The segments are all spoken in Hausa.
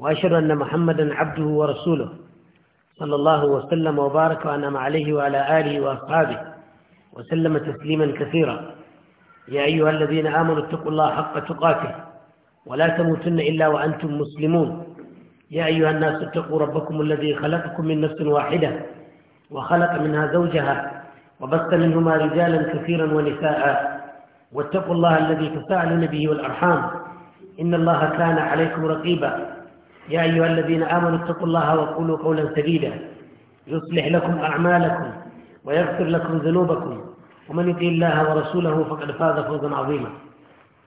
وأشهد أن محمدا عبده ورسوله صلى الله وسلم وبارك وأنعم عليه وعلى آله وأصحابه وسلم تسليما كثيرا يا أيها الذين آمنوا اتقوا الله حق تقاته ولا تموتن إلا وأنتم مسلمون يا أيها الناس اتقوا ربكم الذي خلقكم من نفس واحدة وخلق منها زوجها وبث منهما رجالا كثيرا ونساء واتقوا الله الذي تساءلون به والأرحام إن الله كان عليكم رقيبا يا أيها الذين آمنوا اتقوا الله وقولوا قولا سديدا يصلح لكم أعمالكم ويغفر لكم ذنوبكم ومن يطع الله ورسوله فقد فاز فوزا عظيما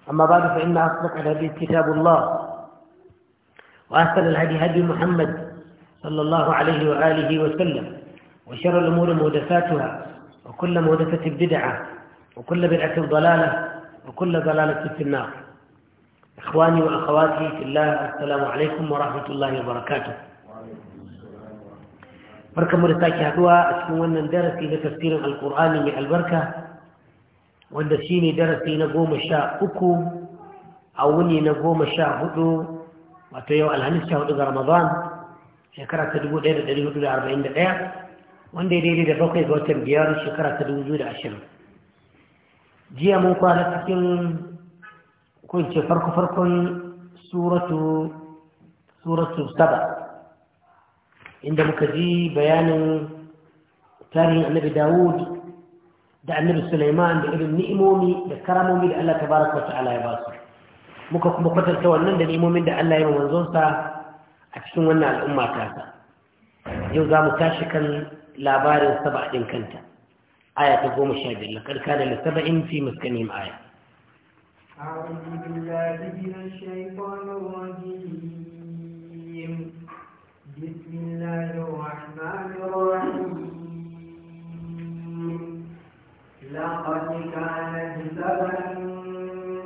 أما بعد فإن أصدق الهدي كتاب الله وأسأل الهدي هدي محمد صلى الله عليه وآله وسلم وشر الأمور مهدفاتها وكل مهدفة بدعة وكل بدعة ضلالة وكل ضلالة في النار اخواني واخواتي في الله السلام عليكم ورحمه الله وبركاته barkamu da take haduwa a cikin wannan darasi na tafsirin alqur'ani mai albarka wanda shine darasi na 13 a wuni na 14 wato yau alhamis 14 ga ramadan shekara ta 1441 wanda daidai da bakwai ga watan biyar shekara ta 2020 jiya mun kwana cikin Kun ce farko farkon suratu saba inda muka ji bayanin tarihin annabi dawud da annabi suleiman da irin ni'imomi da karamomi da allah tabaraka wa ta'ala ya ba su muka kuma kwatanta wannan da ni'imomin da allah ya yi manzonsa a cikin wannan al'umma yau za mu tashi kan labarin saba ɗin kanta aya ta goma sha biyar laƙarƙa da saba'in fi muskanihim aya أعوذ بالله من الشيطان الرجيم بسم الله الرحمن الرحيم لقد كانت سبا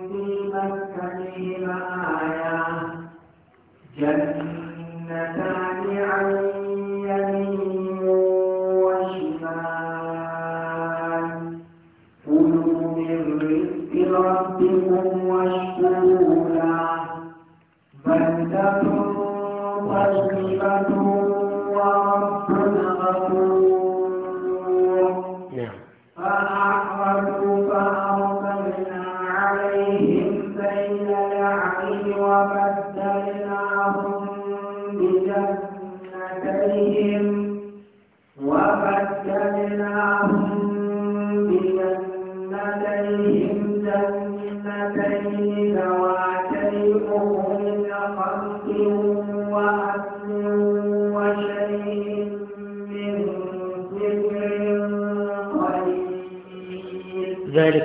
في مسكنهم آية جنة الله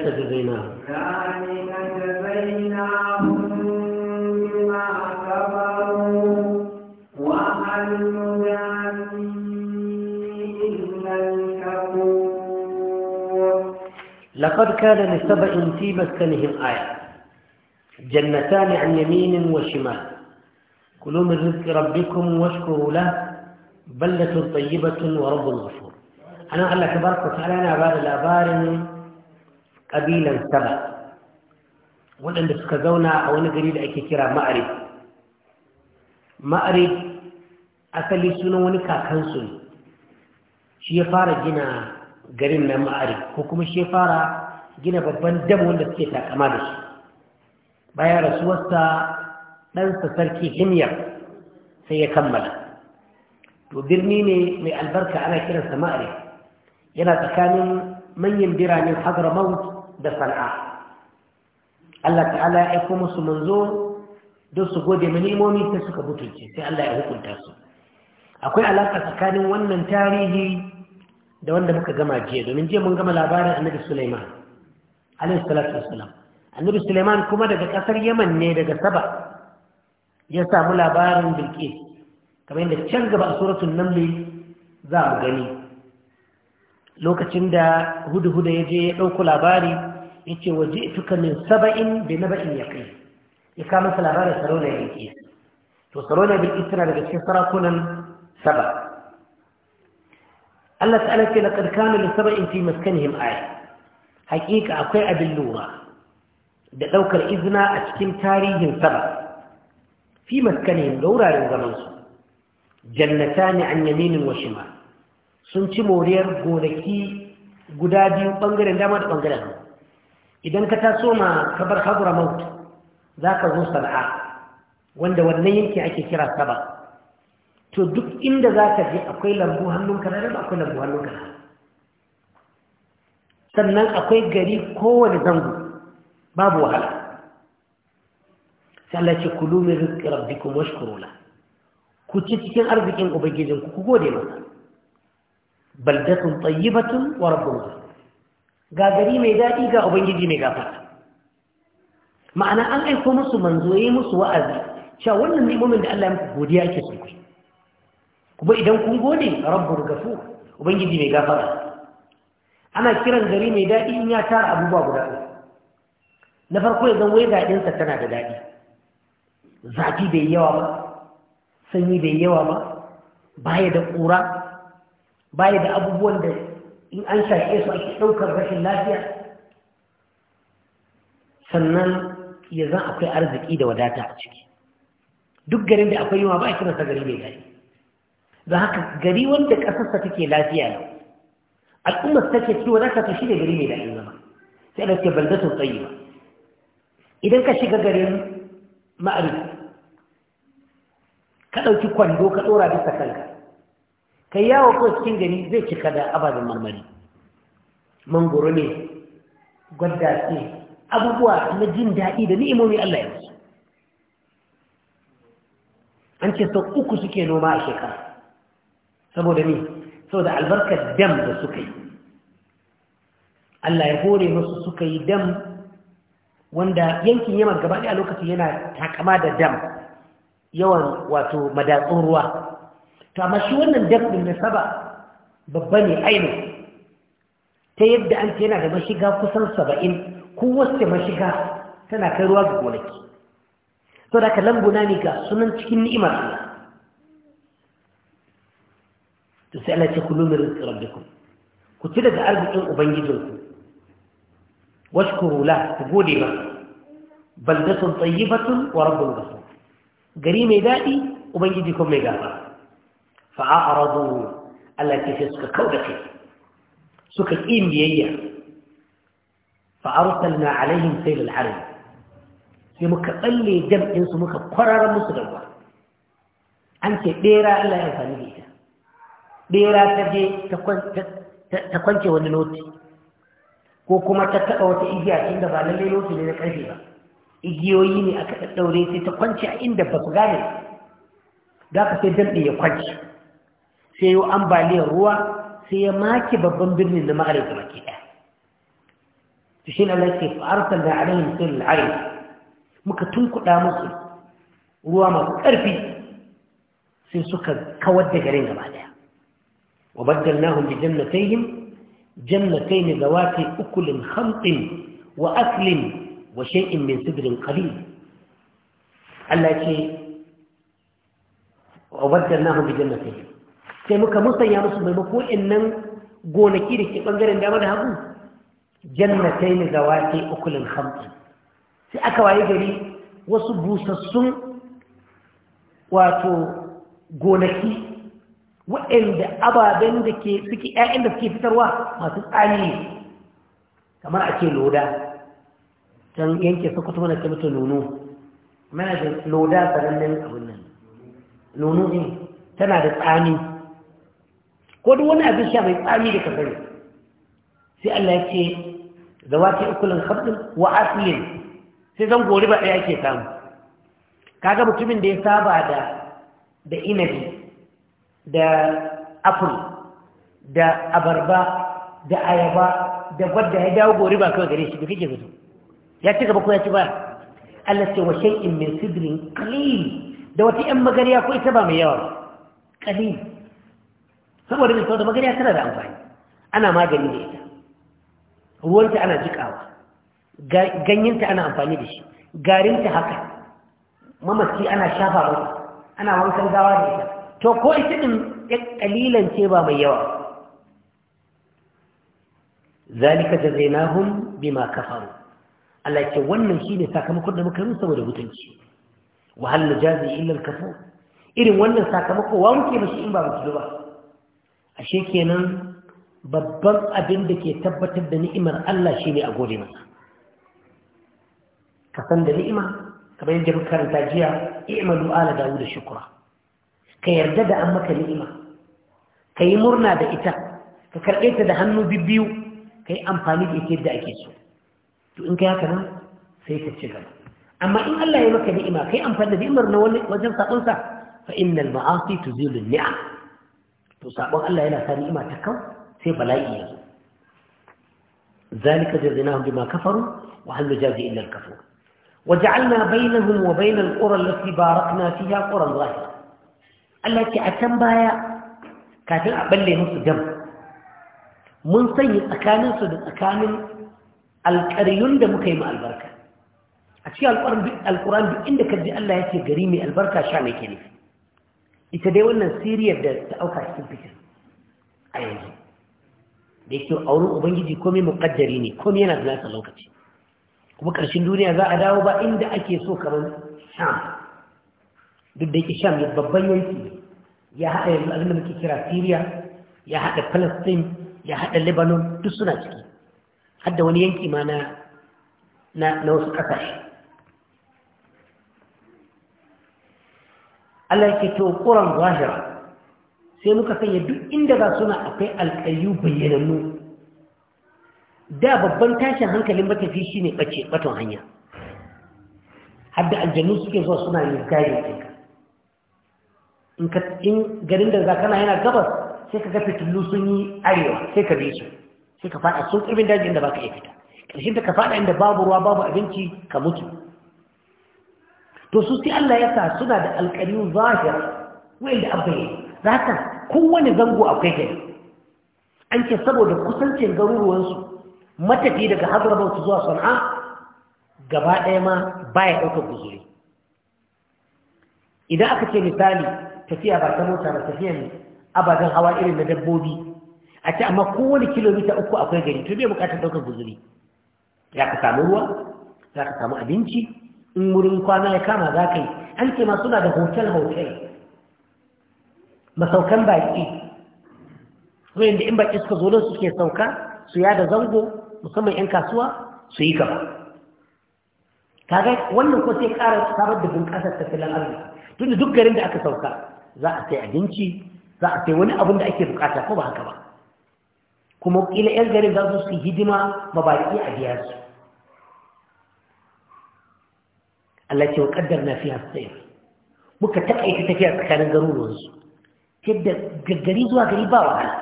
ذلك إلا لقد كان لسبأ في مسكنهم آية جنتان عن يمين وشمال كلوا من رزق ربكم واشكروا له بلدة طيبة ورب غفور أنا لك تبارك وتعالى أنا أبار الأبارين ƙabilan saba waɗanda suka zauna a wani gari da ake kira ma'arif ma'arif asali sunan wani kakansu ne shi ya fara gina garin na ma'arif ko kuma shi ya fara gina babban dam wanda suke takama da shi bayan rasuwarsa ɗansa sarki himyar sai ya kammala to birni ne mai albarka ana kiransa ma'arif yana tsakanin manyan biranen hadramaut da sana'a Allah ta'ala ya aiko musu manzo don su gode mu sai suka butulce sai Allah ya hukunta su akwai alaka tsakanin wannan tarihi da wanda muka gama jiya domin jiya mun gama labarin annabi Sulaiman alaihi salatu wassalam annabi Sulaiman kuma daga kasar Yaman ne daga Saba ya samu labarin Bilqis kamar yadda can gaba a suratul Naml za mu gani lokacin da hudu-hudu ya je ya ɗauku labari ya ce waje tuka min saba'in da na ba'in ya kai ya kama su labarin sarona ya to sarona bilkis tana daga cikin sarakunan saba Allah ta'ala ce laqad kana li saba'in fi maskanihim aya haƙiƙa akwai abin lura da ɗaukar izina a cikin tarihin saba fi him da wuraren zamansu jannatani an yaminin wa shimal sun ci moriyar gonaki guda biyu ɓangaren dama da ɓangaren idan ka taso ma kabar maut za ka zo sana'a wanda wannan yanki ake kira saba to duk inda za ka je akwai lambu hannun kana da akwai lambu hannun kana, sannan akwai gari kowane zango babu wahala sai Allah ce kulu rabbikum ku ci cikin arzikin ubangijinku ku gode masa baldatun tayyibatun wa rabbul ga gari mai daɗi ga ubangiji mai gafara ma'ana an aiko musu manzo yayi musu wa'azi cewa wannan ni'imomin da Allah ya muku godiya yake so kuma idan kun gode rabbul gafu, ubangiji mai gafara ana kiran gari mai daɗi in ya tara abubuwa guda uku na farko ya zama wai daɗinsa tana da daɗi zafi bai yawa ba sanyi bai yawa ba baya da ƙura baya da abubuwan da in an shaƙe su ake ɗaukar rashin lafiya sannan ya zan akwai arziki da wadata a ciki duk garin da akwai yiwa ba a kiransa gari mai gari don haka gari wanda ƙasarsa take lafiya ne al'ummar take cikin wadata ta shi da gari mai daɗin zama sai da ke balda sosai ba idan ka shiga garin ma'arif ka ɗauki kwando ka ɗora bisa kanka kai yawo ko cikin gani zai cika da ababen marmari mangoro ne gwadda ce abubuwa na jin daɗi da ni'imomi Allah ya musu an ce sau uku suke noma a shekara saboda ne saboda albarkar dam da suka yi Allah ya hore musu suka yi dam wanda yankin yamar gaba a lokacin yana takama da dam yawan wato madatsun ruwa to amma shi wannan dafin na saba babba ne ainihin ta yadda an ce yana da mashiga kusan saba'in kowace mashiga tana kai ruwa ga gonaki to da ka lambuna ne ga sunan cikin ni'imar Allah to sai ala ce ku lumi rizqi rabbikum ku ci daga arzikin ubangijinku washkuru la ku gode ba baldatun tayyibatun wa rabbul ghafur gari mai daɗi ubangiji kuma mai gaba fa'a'aradu Allah ke sai suka kaudace suka ƙin biyayya fa'arsalna alaihim sayl al-harb sai muka tsalle jam'in su muka kwararar musu da ruwa an ce ɗera Allah ya amfani da ita ɗera ta je ta kwance wani noti ko kuma ta taɓa wata igiya inda ba lalle noti ne na ƙarfe ba igiyoyi ne aka ɗaɗɗaure sai ta kwance a inda ba su gane Za ka sai damɗe ya kwance sai yi ambaliyar ruwa sai ya maki babban birnin na ma'arif da maki ɗaya ta shi na lafi fa'artar da alayin sun al'arif muka tunkuɗa musu ruwa masu ƙarfi sai suka kawar da garin gaba ɗaya wa na baddalnahum bi jannatayhim jannatayn zawati ukulin khamtin wa aklin wa shay'in min sidrin qalil Allah ce wa baddalnahum bi jannatayhim sai muka musanya musu maimako nan gonaki da ke ɓangaren dama da hagu jannatai ne zawa ke ukulin hamsin sai aka waye gari wasu busassun wato gonaki waɗanda ababen da ke suke ‘ya'yan da suke fitarwa masu tsani kamar ake loda can yanke sokoto mana ta mutu nono mana da loda sanannen abin nan nono ne tana da tsani ko duk wani abin sha mai tsami da kafare sai Allah ya ce zawati ukulun khabdin wa aslin sai zan gori ba ɗaya ake samu kaga mutumin da ya saba da da inabi da apple da abarba da ayaba da gwadda ya dawo gori ba kawai gare shi da kake gudu ya ci gaba ko ya ci ba Allah ce wa shay'in min sidrin qalil da wata 'yan magariya ko ita ba mai yawa qalil saboda mai sauta magariya tana da amfani ana magani da ita ruwanta ana jiƙawa, ganyenta ana amfani da shi garinta haka mamaci ana shafa masa ana wankan gawa da ita to ko ita ɗin ya ce ba mai yawa zalika jazainahum bima kafaru Allah ce wannan shi ne sakamakon da muka yi saboda mutunci wa hal najazi illa kafo. irin wannan sakamako wa muke mashi in ba mutu ba ashe kenan babban abin da ke tabbatar da ni'imar Allah shi ne a gode masa ka san da ni'ima kamar yadda muka karanta jiya i'malu ala dawud shukra ka yarda da an maka ni'ima ka yi murna da ita ka karɓe ta da hannu bibbiyu ka yi amfani da ita yadda ake so to in ka haka nan sai ka ci gaba amma in Allah ya maka ni'ima kai amfani da ni'imar na wajen sabonsa fa innal ma'asi tuzilu ni'am to sabon Allah yana sa ni'ima ta kan sai bala'i ya zo zalika jazinahum bima kafaru wa hal nujazi illa al-kafur waja'alna bainahum wa bainal qura allati barakna fiha quran zahira Allah ce a can baya kafin a balle musu dam mun sanya tsakaninsu da tsakanin alƙaryun da muka yi ma albarka a cikin alƙuran duk inda ka Allah ya gari mai albarka sha mai ke ita dai wannan siriyar da ta auka cikin fikin a yanzu da yake a wurin ubangiji komai muƙaddari ne komai yana da nasa lokaci kuma ƙarshen duniya za a dawo ba inda ake so kamar sham duk da yake sham ya babban yanki ya haɗa yanzu abin da muke kira siriya ya haɗa palestine ya haɗa lebanon duk suna ciki har wani yanki ma na wasu ƙasashe Allah yake to Qur'an zahira sai muka sanya duk inda za suna akwai alƙayu bayyanannu da babban tashin hankalin matafi shine bace baton hanya hadda aljannu suke zuwa suna yin gari ɗinka in ka in garin da za kana yana gabas sai ka ga fitilu sun yi arewa sai ka bi su sai ka faɗa sun ƙarfin daji inda baka iya fita ƙarshen da ka faɗa inda babu ruwa babu abinci ka mutu to su sai Allah ya sa suna da alƙariyu zahir wanda abai zaka kowane zango akwai gari an ce saboda kusancin su matafi daga su zuwa sana'a gaba ɗaya ma baya ɗaukar guzuri idan aka ce misali tafiya ba ta mota ba tafiya ne abadan hawa irin na dabbobi a ce amma kowane kilomita uku akwai gari to bai bukatar ɗaukar guzuri za ka samu ruwa za ka samu abinci in wurin kwana ya kama za ka yi an ce ma suna da hotel-hotel masaukan baƙi da in baƙi suka zo don suke sauka su da zango musamman 'yan kasuwa su yi gaba kaga wannan ko sai kara samar da bunƙasar tattalin arziki tun da duk garin da aka sauka za a sai abinci za a sai wani abin da ake bukata ko ba haka ba kuma ƙila 'yan garin za su yi hidima ma baƙi a biya su Allah ce wa kaddarna fiha sayr muka takaita tafiya tsakanin garuruwan su da gaggari zuwa gari ba wahala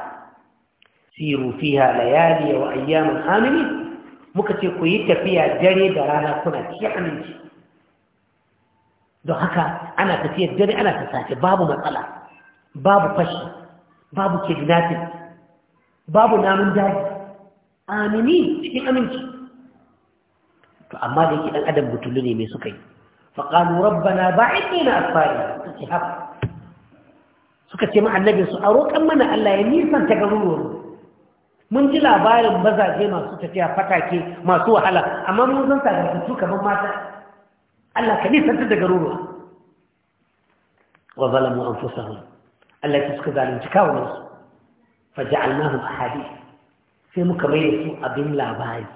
siru fiha layali wa ayyaman muka ce kuyi yi tafiya dare da rana kuna ci aminci don haka ana tafiyar dare ana ta sace babu matsala babu fashi babu kidnapping babu namun daji amini cikin aminci to amma da yake adam ne mai suka yi فقالوا ربنا بعد بين أطفالنا suka ce ma annabi su a roƙon mana Allah ya nisan ta garuruwar mun ji labarin bazaje masu tafiya fatake masu wahala amma mun san su kamar mata Allah ka nisan ta garuruwa wa zalamu anfusahum Allah ya suka zalunci kawunan su faja'alnahum ahadi sai muka mai da su abin labari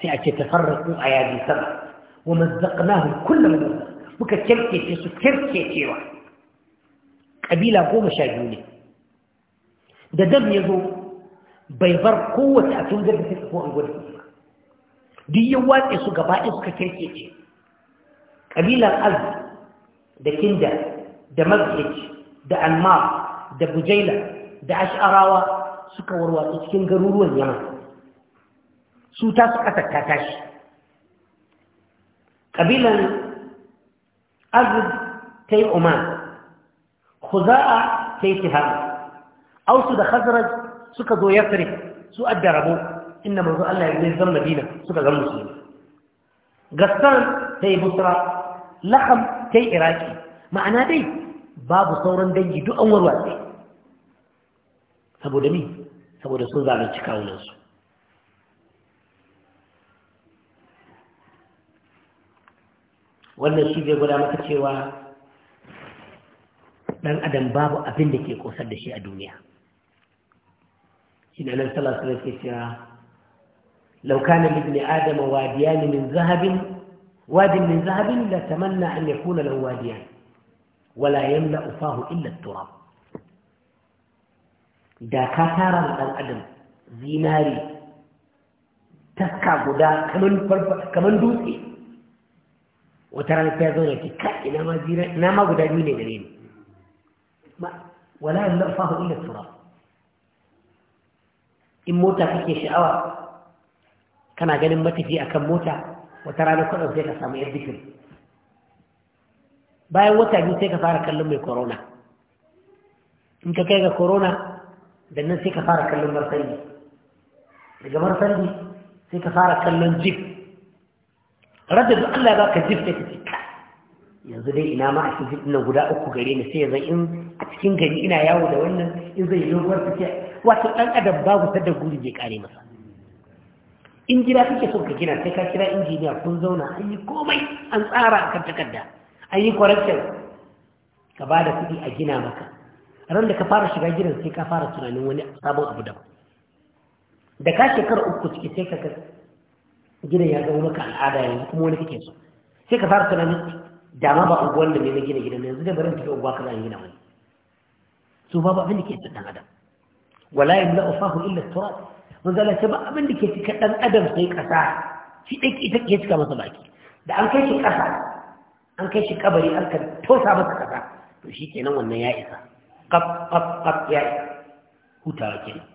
sai a ce tafarraqu ayadi sab'a wa mazzaqnahu kullu min muka kirkece su kirkecewa kabila goma sha biyu ne da dam ya zo bai bar kowace a tungar da take ko an gwada ba duk su gaba ɗaya suka kirkece Ƙabilar az da kinda da mazgic da almar da bujaila da ash'arawa suka warwatsu cikin garuruwan yamma su ta su ƙasar ta tashi ƙabilan azib ta yi umar khuza'a ta yi tihama ausu da khazraj suka zo yasrib su adda rabo inda manzo Allah ya zai zan dina suka zan musulmi gassan ta yi busra laham ta yi iraki ma'ana dai babu sauran dangi duk an warwatse saboda mi saboda sun zalunci kawunansu wannan shi zai gwada maka cewa ɗan adam babu abin da ke ƙosar da shi a duniya shi da nan salatu da ke cewa laukana libni adama wadiyani min zahabin wadin min zahabin la tamanna an yakuna lahu wadiyan wala yamla ufahu illa turab da ka tara ɗan adam zinari taska guda kaman dutse wata rana ta zo da ke ina ma guda biyu ne gare ni ma wala yalfahu in mota kake sha'awa kana ganin matafi akan mota wata rana kudin sai ka samu yar dikir bayan wata biyu sai ka fara kallon mai korona. in ka kai ga korona, da nan sai ka fara kallon marsandi daga marsandi sai ka fara kallon jip. radda duk Allah ba ka jifta ka cika yanzu dai ina ma a cikin nan guda uku gare ni sai zan in a cikin gari ina yawo da wannan in zai yi rubar ta wato dan adam babu sadda guri bai kare masa in gida kake son ka gina sai ka kira injiniya kun zauna an yi komai an tsara a kan takarda an yi correction ka ba da kuɗi a gina maka ran da ka fara shiga gidan sai ka fara tunanin wani sabon abu daban da ka shekara uku ciki sai ka gidan ya zama maka al'ada yanzu kuma wani kake so sai ka fara tunanin dama ba unguwar da mai na gina gidan yanzu da barin tafi unguwa ka in gina wani su ba abin da ke cikin dan adam wala yamla fahu illa tura mun zala ce ba abin da ke cikin dan adam sai kasa shi ɗan ita ke cika masa baki da an kai shi kasa an kai shi kabari an ka tosa masa kasa to shi kenan wannan ya isa kaf kaf kaf ya isa hutawa kenan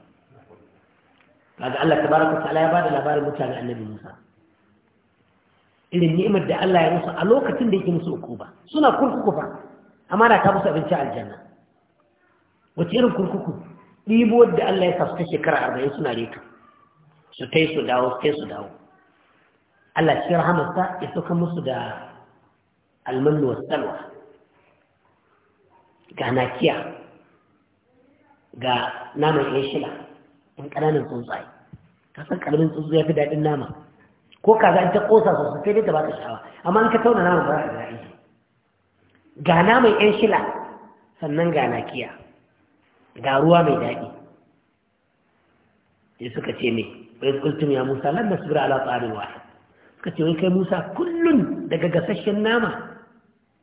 kaga Allah tabaraka ta'ala ya bada labarin mutane annabi Musa irin ni'imar da Allah ya musu a lokacin da yake musu ukuba suna kurkuku fa amma da ta musu abinci aljanna wace irin kurkuku ɗibo da Allah ya sa ta shekara arba'in suna reka su kai su dawo su kai su dawo Allah shi rahamarsa ya sauka musu da almanu wasu salwa ga nakiya ga naman yan shila in ƙananan tsuntsaye ka san ƙaramin tsuntsu ya fi daɗin nama ko kaza in ta ƙosa sosai sai dai ta baka sha'awa amma in ka tauna nama ba za ka za'a iya ga naman ƴan shila sannan ga nakiya ga ruwa mai daɗi sai suka ce ne wai kultum ya musa lamma nasbira ala tsarin wa? suka ce wai kai musa kullum daga gasasshen nama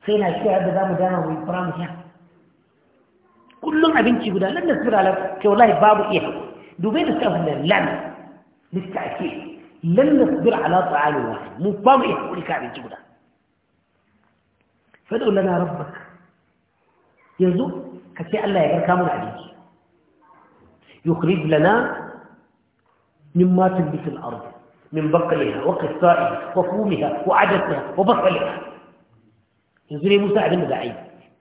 sai na shi da zamu dama mu fara mu sha kullum abinci guda lan nasbira ala kai wallahi babu iya دوبين استغفر لم للتأكيد لن نصبر على طعام واحد مو طبيعي يقول لك عبد جودا فدعو لنا ربك يزو كتي الله يقول كامل عليك يخرج لنا مما تنبت الأرض من بقلها وقصائها وفومها وعدسها وبصلها يزو مساعدة موسى عدم دعي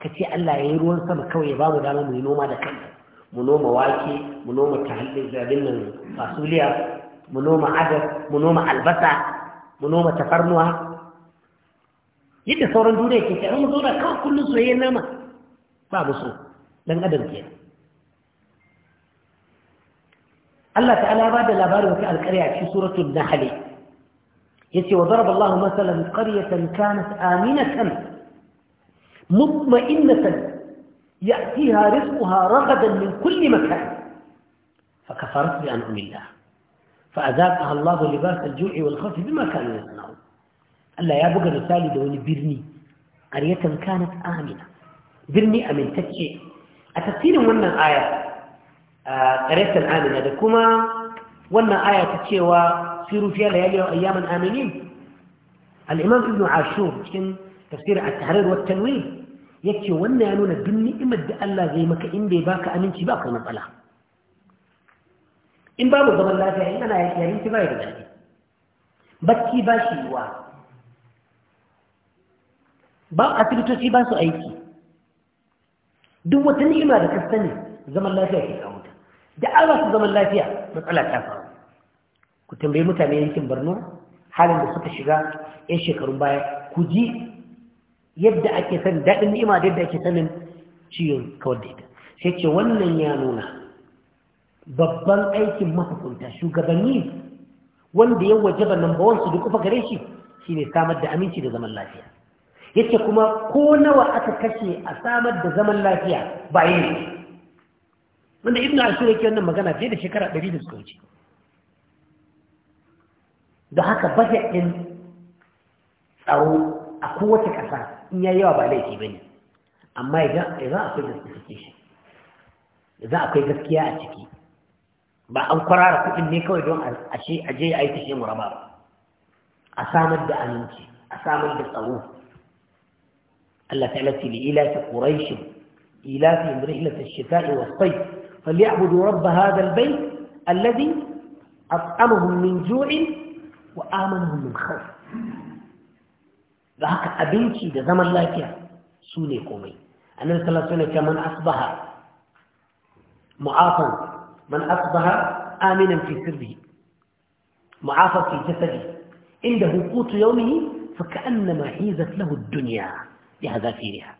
كتي الله يروان سما كوي يبامو من ينوما دا كنت mu noma wake mu noma tahallin nan fasuliya mu noma adab mu noma albasa mu noma tafarnuwa yadda sauran duniya ke kai mu zauna kawai kullum soyayyen nama ba mu so dan adam ke Allah ta'ala ba da labarin wata alƙarya cikin suratul nahl yace wa daraba Allahu masalan qaryatan kanat aminatan mutma'innatan يأتيها رزقها رغدا من كل مكان فكفرت بأنعم الله فأذابها الله لباس الجوع والخوف بما كانوا يصنعون ألا يا بقر رسالي دوني برني قرية كانت آمنة برني أمن تكي أتصير من الآية قرية آه، آمنة لكما وأن آية تكي وصيروا فيها ليالي وأياما آمنين الإمام ابن عاشور تفسير التحرير والتنوير yace wannan ya nuna duk ni'imar da Allah zai maka in bai baka aminci ba kai matsala in babu zaman lafiya in ana yayin ki bai da dadi bacci ba shi yiwa ba asibitoci ba su aiki duk wata ni'ima da ka sani zaman lafiya ke kawo ta da Allah su zaman lafiya matsala ta faru ku tambayi mutane yankin Borno halin da suka shiga 'yan shekarun baya ku ji yadda ake san daɗin ni'ima da yadda ake sanin ciyon kawar da ita sai ce wannan ya nuna babban aikin mahukunta shugabanni wanda ya wajaba nambawan wansu duk gare shi shine samar da aminci da zaman lafiya yace kuma ko nawa aka kashe a samar da zaman lafiya ba yi ne wanda ibn ashur yake wannan magana fiye da shekara ɗari da suka wuce da haka bajet din tsaro a kowace ƙasa in yayi yawa ba laifi bane amma idan idan akwai justification idan akwai gaskiya a ciki ba an kwarara kuɗin ne kawai don a ce a je a yi kashe mu ba, a samar da aminci a samar da tsaro Allah ta lati li ila ta quraish ila fi rihlat ash-shita'i was-sayf falyabudu rabb hadha al-bayt alladhi at'amahum min ju'in wa amanahum min khawf da haka abinci da zaman lafiya su ne komai annabi sallallahu alaihi wasallam man asbaha mu'afan man asbaha aminan fi sirri mu'afa fi jasadi inda hukutu yawmihi fa ma hizat lahu ad-dunya bi hadafiriha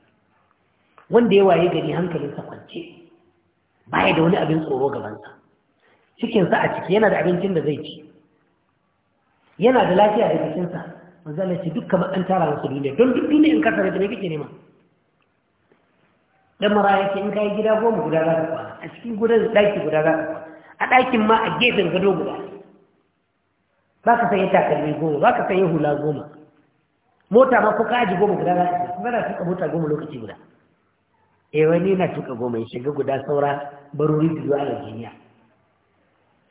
wanda ya waye gari sa kwance baya da wani abin tsoro gabansa cikinsa a ciki yana da abincin da zai ci yana da lafiya da sa manzala ce duk kamar an tara masu duniya don duk duniya in ka tare da ne kake nema dan mara yake in kai gida goma guda za ka kwana a cikin gudan daki guda za ka kwana a dakin ma a gefen gado guda ba ka sanya takalmi goma ba ka sanya hula goma mota ma ko ka aji goma guda za ka kwana kuma na tuka mota goma lokaci guda eh wani na tuka goma ya shiga guda saura barori biyu a Najeriya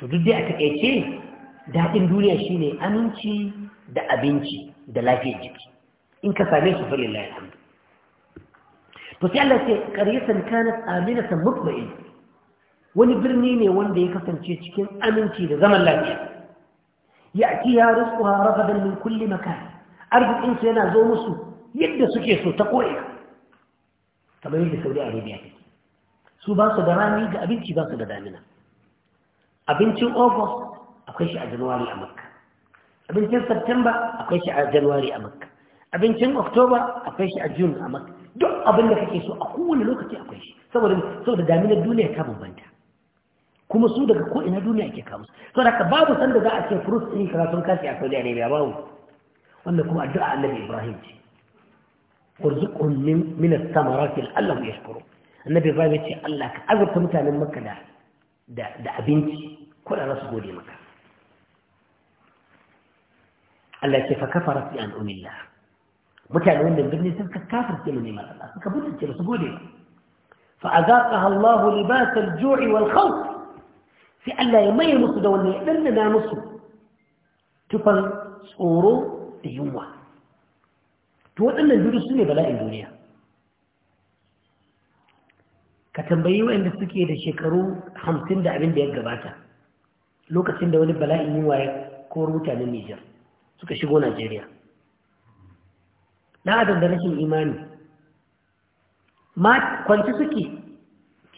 to duk dai a takaice daɗin duniya shine aminci da abinci da lafiyar jiki in ka same su fari Allah alhamdu to sai Allah ce qaryatan kanat aminatan mutma'in wani birni ne wanda ya kasance cikin aminci da zaman lafiya ya'tiha rizquha ragadan min kulli makan arzikin su yana zo musu yadda suke so ta koya kamar yadda Saudi Arabia take su ba su da rani da abinci ba su da damina abincin August akwai shi a januwari a makka abincin september akwai shi a januwari a makka abincin october akwai shi a june a makka duk abin da kake so a kowane lokaci akwai shi saboda saboda daminar duniya ta bambanta kuma su daga ko ina duniya ke kawo so daga babu sanda za a ce fruit din karatun kashi a Saudi Arabia babu wanda kuma addu'a Annabi Ibrahim ce warzuqhum min min as-samarati la'allahum yashkurun Annabi Ibrahim ce Allah ka azurta mutanen Makka da da abinci ko da rasu gode maka Allah ce fa kafara fi an mutane wannan birni sun kafar ce mun neman Allah suka mutuce ba su gode ba fa azaqaha Allah libas al-ju'i wal khawf sai Allah ya maye musu da wannan ya dandana musu tufan tsoro da yunwa to waɗannan biyu su ne bala'in duniya ka tambayi waɗanda suke da shekaru hamsin da abin da ya gabata lokacin da wani bala'in yunwa ya kowar mutanen Nijar suka shigo Najeriya na adam da rashin imani ma kwanci suke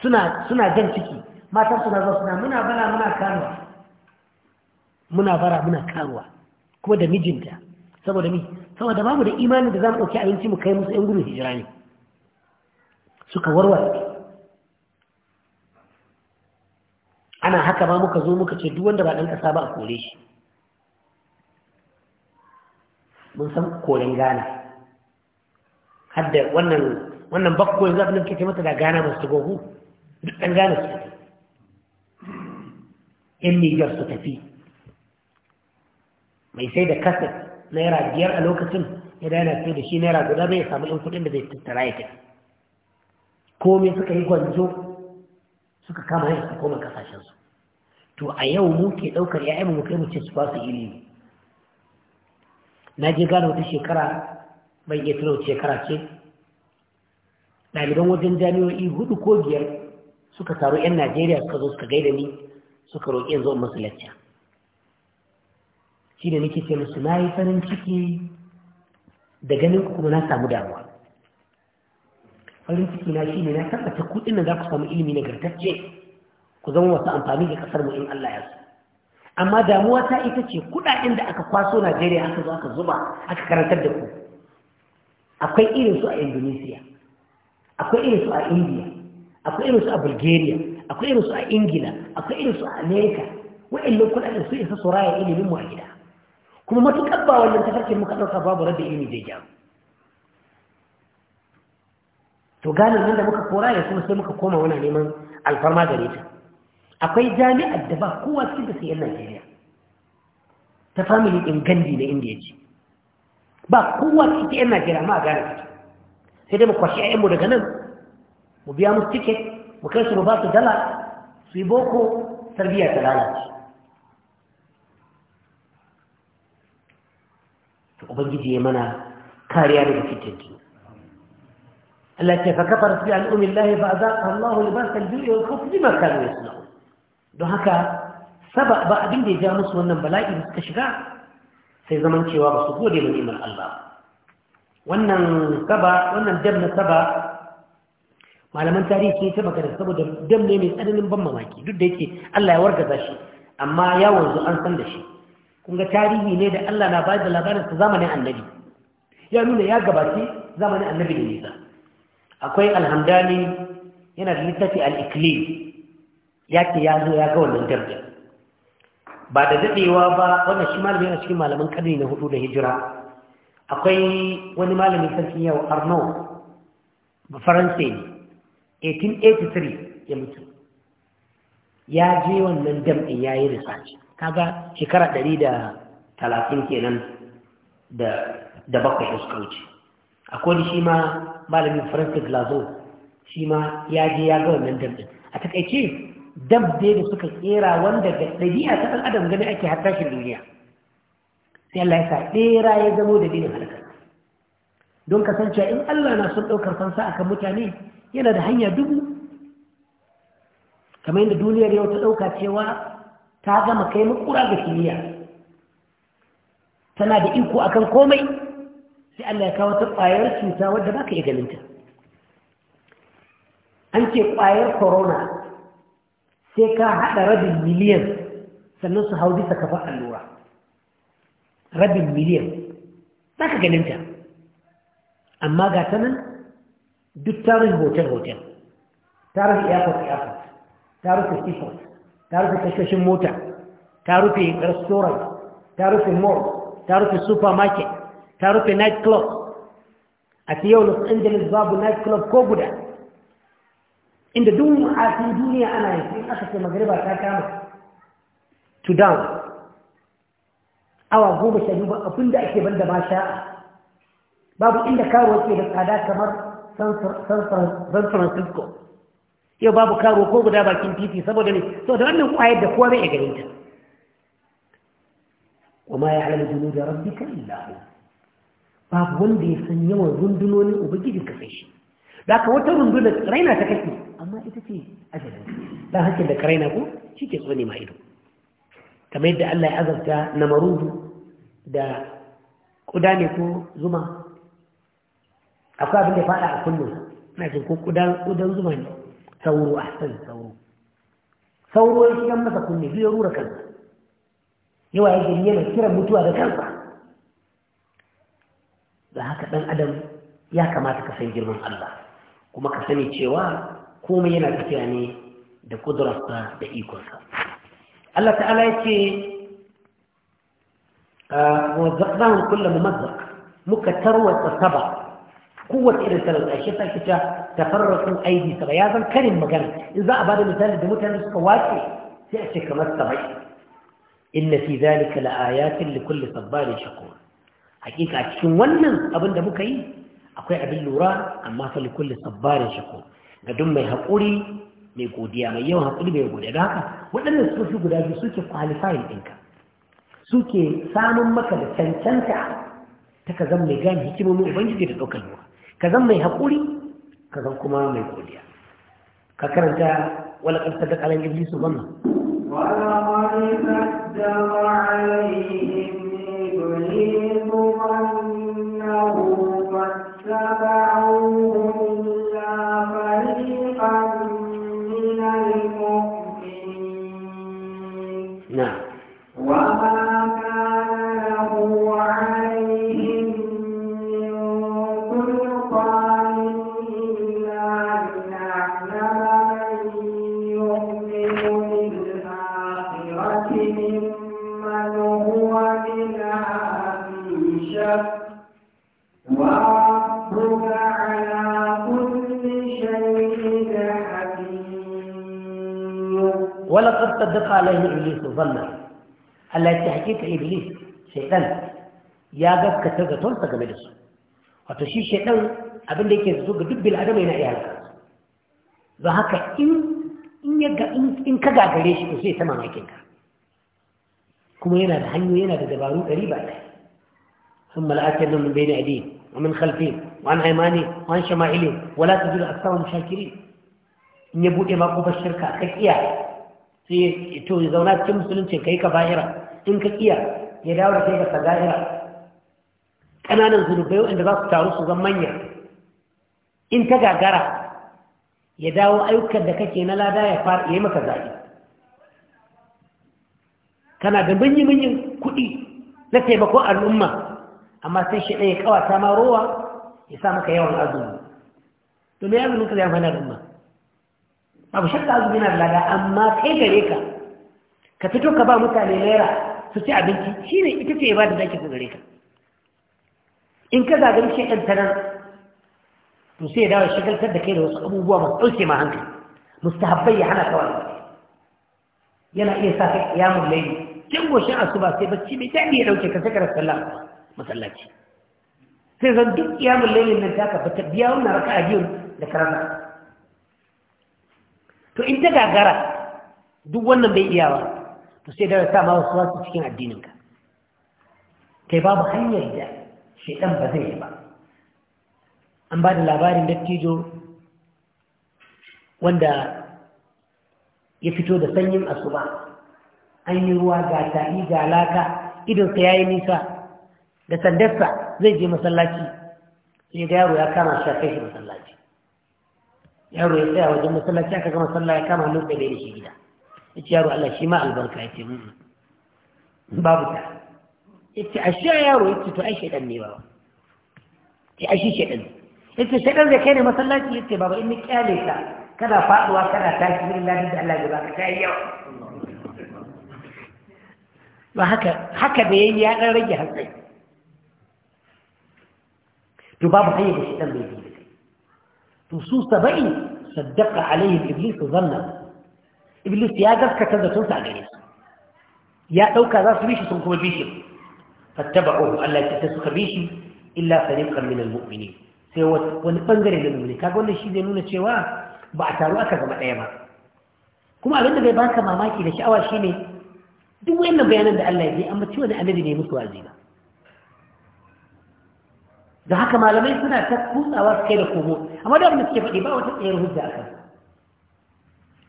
suna jan ciki matan suna zo suna muna bara muna karuwa muna bara muna karuwa kuma da mijinta saboda mi saboda babu da imani da za mu ɗauki abinci mu kai musu ‘yan gudun hijira ne suka warware ana haka ba muka zo muka ce duk wanda ba ɗan ƙasa ba a kore shi mun san koyon gana hadda wannan wannan bakko yanzu abin da kake mata da gana masu gogu duk ɗan gana su tafi yan nijar su tafi mai sai da kasar naira biyar a lokacin ya dana sai da shi naira guda bai samu ɗan kuɗin da zai tattara ya tafi komai suka yi gwanjo suka kama yin su koma kasashensu to a yau mu ke ɗaukar ya'yan mu kai mu ce su ba su ilimi na je gano wata shekara bai iya tura wata shekara ce ɗaliban wajen jami'o'i hudu ko biyar suka taru 'yan najeriya suka zo suka gaida ni suka roƙi yanzu a masu lacca shi da nake ce musu na yi farin ciki da ganin ku kuma na samu damuwa farin ciki na shi ne na tabbata kuɗin da za ku samu ilimi na gartacce ku zama wasu amfani ga ƙasar mu in Allah ya so amma damuwa ta ita ce kudaden da aka kwaso Najeriya aka zo aka zuba aka karantar da ku akwai irin su a Indonesia akwai irin su a India akwai irin su a Bulgaria akwai irin su a Ingila akwai irin su a America wa'annan kudaden su isa su raya ilimin mu a gida kuma matukar ba wannan tafarkin muka dauka babu rabbi ilimi zai jawo to ganin nan da muka kora ya kuma sai muka koma wani neman alfarma gare ta akwai jami'ar da ba kowa su da sai Najeriya ta family din gandi na ya ce ba kowa su cikin yan Najeriya ma a gane fito sai dai mu kwashi ayyanmu daga nan mu biya musu cike mu kai su mu ba su dala su yi boko sarbiya ta lalace to ubangiji ya mana kariya daga fitintu التي فكفرت بأنعم الله فأذاقها الله لباس الجوع والخوف بما كانوا يصنعون don haka saba ba abin da ya ja musu wannan bala'i da suka shiga sai zaman cewa ba su gode wa iman Allah wannan saba wannan na saba malaman tarihi sun taba kada saboda dam ne mai tsananin ban mamaki duk da yake Allah ya wargaza shi amma ya wanzu an san da shi kun ga tarihi ne da Allah na bayar da labarin sa zamanin annabi ya nuna ya gabaci zamanin annabi da nisa akwai alhamdani yana da littafi al-iklim ya ya zo ya ga wannan darajar ba da daɗewa ba wannan shi malami a cikin malamin ƙarni na hudu da hijira akwai wani malami sarkin yau arno ba faransa ne 1883 ya mutu ya je wannan damɗin ya yi risaci kaga shekara ɗari da talatin kenan da bakwai da suka wuce akwai shi ma malamin faransa glazo shi ma ya je ya ga wannan damɗin a takaice dabbe da suka kera wanda ga ɗabi'a ta ɗan adam gani ake hattashin duniya sai Allah ya sa tsera ya zamo da dinin halakar don kasance in Allah na son ɗaukar fansa akan mutane yana da hanya dubu kamar yadda duniyar yau ta ɗauka cewa ta gama kai makura ga kimiyya tana da iko akan komai sai Allah ya kawo ta ƙwayar cuta wadda ba ka iya ganinta an ce ƙwayar corona sai ka haɗa rabin miliyan sannan su hau bisa kafa allura rabin miliyan za ka ganin amma ga ta nan duk tarin hotel-hotel ta rufe airport-airport ta rufe seaport ta rufe tashoshin mota ta rufe restaurant ta rufe mall ta rufe supermarket ta rufe nightclub a ta yau los angeles babu nightclub ko guda inda duk ma'afin duniya ana yi in aka ce magariba ta kama to down awa goma sha biyu ba abin ake banda ma sha babu inda karuwa ke da tsada kamar san francisco yau babu karo ko guda bakin titi saboda ne saboda wannan kwayar da kowa mai gare ta Kuma ya وما يعلم جنود ربك إلا هو babu wanda ya san yawan rundunonin ubangijin ka sai shi da aka wata rundunar raina ta kashe. amma ita ce ajalin ba hakin da karaina ko shi ke tsoni ma ido kamar yadda Allah ya azabta na marudu da kuda ko zuma akwai abin da faɗa a kullum na jin ko kudan zuma ne sauro a san sauro sauro ya shigan masa kunne biyu rura kansa yawa ya gani yana kiran mutuwa da kansa da haka ɗan adam ya kamata ka san girman Allah kuma ka sani cewa komai yana tafiya ne da kudurarsa da ikonsa Allah ta'ala ya ce ah, wazzaqnahum kullu mumazzaq muka tarwata saba kowace irin talauta shi sa kita tafarraqu aidi saba ya zan karin magana in za a ba da misali da mutane suka wace sai a ce kamar sabai inna fi zalika laayatin likulli sabbarin shakur hakika cikin wannan abin da muka yi akwai abin lura amma fa likulli sabbarin shakur ga duk mai haƙuri mai godiya mai yawan haƙuri mai godiya da haka waɗannan sufi guda biyu suke kwalifayin ɗinka suke samun maka da cancanta ta ka zan mai gane hikimomin ubangiji da ɗaukar yiwa ka zan mai haƙuri ka zan kuma mai godiya ka karanta wala ƙarfa da ƙalan iblisu wannan wala ma لقد صدق عليه إبليس ظنه Allah ya ce hakika Iblis shaidan ya gaskata ga tonsa game da su wato shi shaiɗan abin da yake zato ga duk bil adam yana iya halka don haka in in ya shi kuma yana da hanyoyi yana da dabaru ɗari ba ɗaya ثم لآتين من بين أيديهم ومن خلفهم وعن أيمانهم وعن شمائلهم ولا تجد أكثرهم شاكرين إن يبوء ما قبل الشركة كيف sai to ya zauna cikin musulunci kai ka ba'ira in ka iya ya dawo da kai ka saga'ira ƙananan zunubai waɗanda za su taru su zan manya in ta gagara ya dawo ayyukan da kake na lada ya fara yi maka zaɓi kana da manyan kuɗi na taimakon al'umma amma sai shi ɗaya kawata ma rowa ya sa maka yawan azumi domin azumin ka zai amfani al'umma babu shakka azumi na lada amma kai gare ka ka fito ka ba mutane naira su ci abinci shi ne ita ce ibada da ake ka gare ka in ka zagari shi ɗan tarar to sai ya dawo shagaltar da kai da wasu abubuwa masu ɗauke ma hankali mustahabbai ya hana kawai yana iya sa kai kiyamun laili kin goshin asuba sai bacci mai daɗi ya ɗauke ka sakar sallah masallaci sai zan duk kiyamun lailin nan ta ka fita biya wannan raka'a biyun da karanta to in ta gagara duk wannan bai iyawa to sai da ta ma wasu wasu cikin addininka kai babu hanyar da shaiɗan ba zai yi ba an ba da labarin dattijo wanda ya fito da sanyin asuba an yi ruwa ga ta'i ga laka idonsa ya yi nisa da sandarsa zai je masallaci sai ga yaro ya kama shi kai shi masallaci yaro ya tsaya wajen masallaci aka gama sallah ya kama hannun sai da shi gida ya ce yaro Allah shi ma albarka ya ce babu ta ya ce a shi yaro ya ce to ai shaidan ne baba ya ai shi shaidan ya ce shaidan zai kai ne masallaci ya ce baba in ni kyale ka kana faduwa kana tashi min ladin da Allah ya baka ta yi yawa ba haka haka da yayi ya dan rage hatsari to babu hanyar da shaidan bai bi to su saba'in saddaka alayhim iblis zanna iblis ya gaskatar zaton sa gare su ya ɗauka za su bishi sun kuma bishi fattaba'u Allah ya ta suka bishi illa fariqan min almu'minin sai wani bangare na mu'mini kaga wannan shi zai nuna cewa ba a taru aka zama ɗaya ba kuma abinda zai baka mamaki da sha'awa shine duk wayannan bayanan da Allah ya yi amma ciwon annabi ne musu wazi ba da haka malamai suna ta kutsawa su kai da komo amma da wanda suke faɗi ba wata tsayar hujja a kan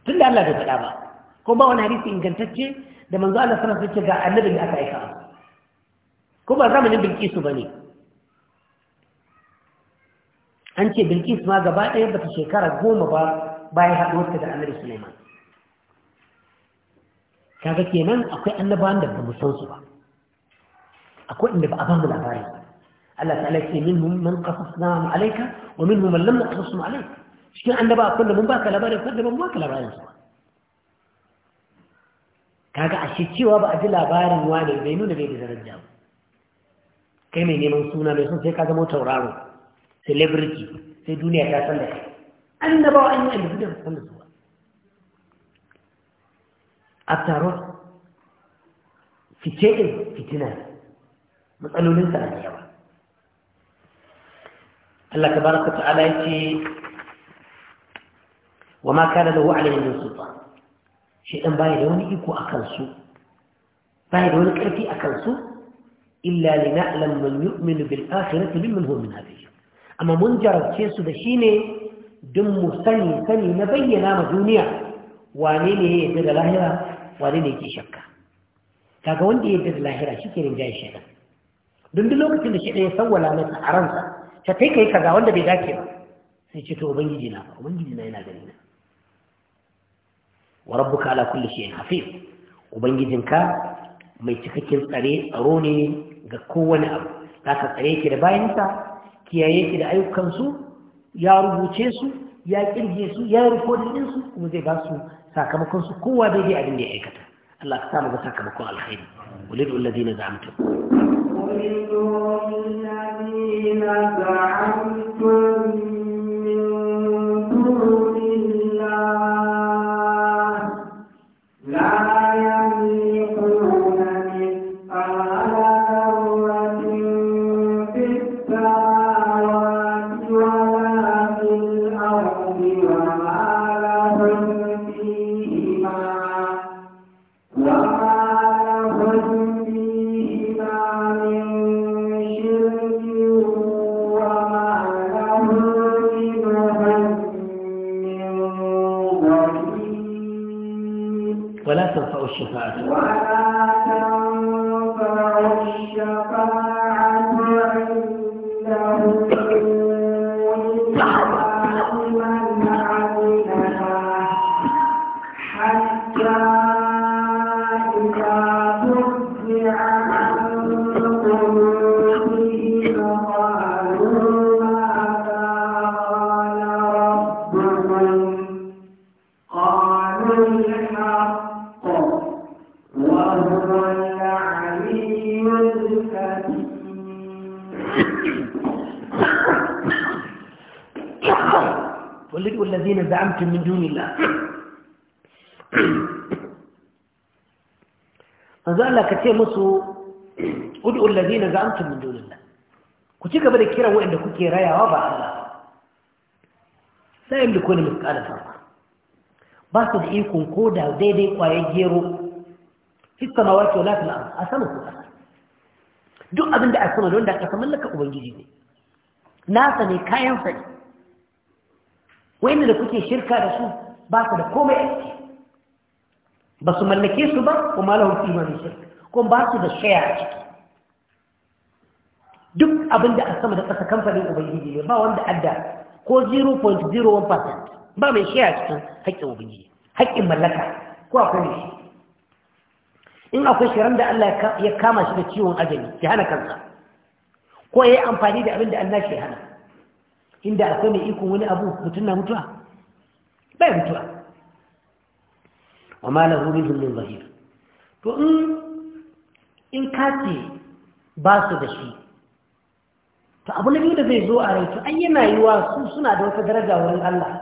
tun da Allah bai faɗa ba ko ba wani hadisi ingantacce da manzo Allah sana alaihi ga annabi da aka aika ko ba zamanin bilkisu ne? an ce bilkisu ma gaba ɗaya bata shekara goma ba bayan haɗuwarta da annabi suleiman kaga kenan akwai annabawan da ba mu san su ba akwai inda ba a ba mu labarin ألا تعليك منهم من قصصناهم عليك ومنهم من لم نقصصهم عليك شكرا عندما أقول لهم باك لا بارك فرد بمباك لا بارك سواء كاكا أشيكي وابا أجل لا بارك وانا يبينون بيد زرجاو كما إني من سونا بيسون سيكا زمو تورارو سيليبرتي سي دنيا تاسل لك أنا باو أنا أنا بدا فرد سواء أبتارو في شيء في تنا مسألة لنسى أنا يوان Allah tabaraka ta'ala yace wa ma kana lahu alayhi min sultan shi dan bai da wani iko akan su bai da wani karfi akan su illa lina'lam man yu'minu bil akhirati mimman huwa min hadhihi amma mun jarabce su da shine dun mu sani sani na bayyana ma duniya wane ne ya yarda da lahira wane ne ke shakka kaga wanda ya yarda da lahira shi ke rinjaye shaidan dundun lokacin da shaidan ya sawwala masa a ransa ka kai kai kaza wanda bai dace ba sai ce to ubangiji na ubangiji na yana gani na wa rabbuka ala kulli shay'in hafiz ubangijinka mai cikakken tsare tsaro ne ga kowane abu ka tsare ki da bayansa kiyaye ki da ayyukan su ya rubuce su ya kirge su ya rikodin din su kuma zai ba su sakamakon su kowa bai abin da ya aikata Allah ka samu ga sakamakon alkhairi ulil ladina zamtu ساعة قل ادعوا الذين زعمتم من دون الله manzo Allah ka ce musu ud'u allazina za'amtum min dunillah ku ci gaba da kiran waɗanda kuke rayawa ba Allah sai yamliku ne miskala sarra ba su da ikon ko da daidai kwaye gero fi samawati wala fil ard asama ku duk abin da asama don da ka san mallaka ubangiji ne nasa ne kayan sa wanda da kuke shirka da su ba su da komai aiki ba su mallake su ba kuma lahun imanin shirka kuma ba su da shaya a ciki duk abin da a sama da ƙasa kamfanin ubangiji ne ba wanda adda ko 0.01% ba mai shaya a cikin haƙƙin ubangiji haƙƙin mallaka ko akwai shi in akwai shirin da Allah ya kama shi da ciwon ajali ya hana kansa ko ya yi amfani da abin da Allah shi hana inda akwai mai ikon wani abu mutum na mutuwa bai mutuwa wa ma lahu min min zahir to in in kace ba su da shi to abu na biyu da zai zo a rai to ai yana yiwa su suna da wata daraja wurin Allah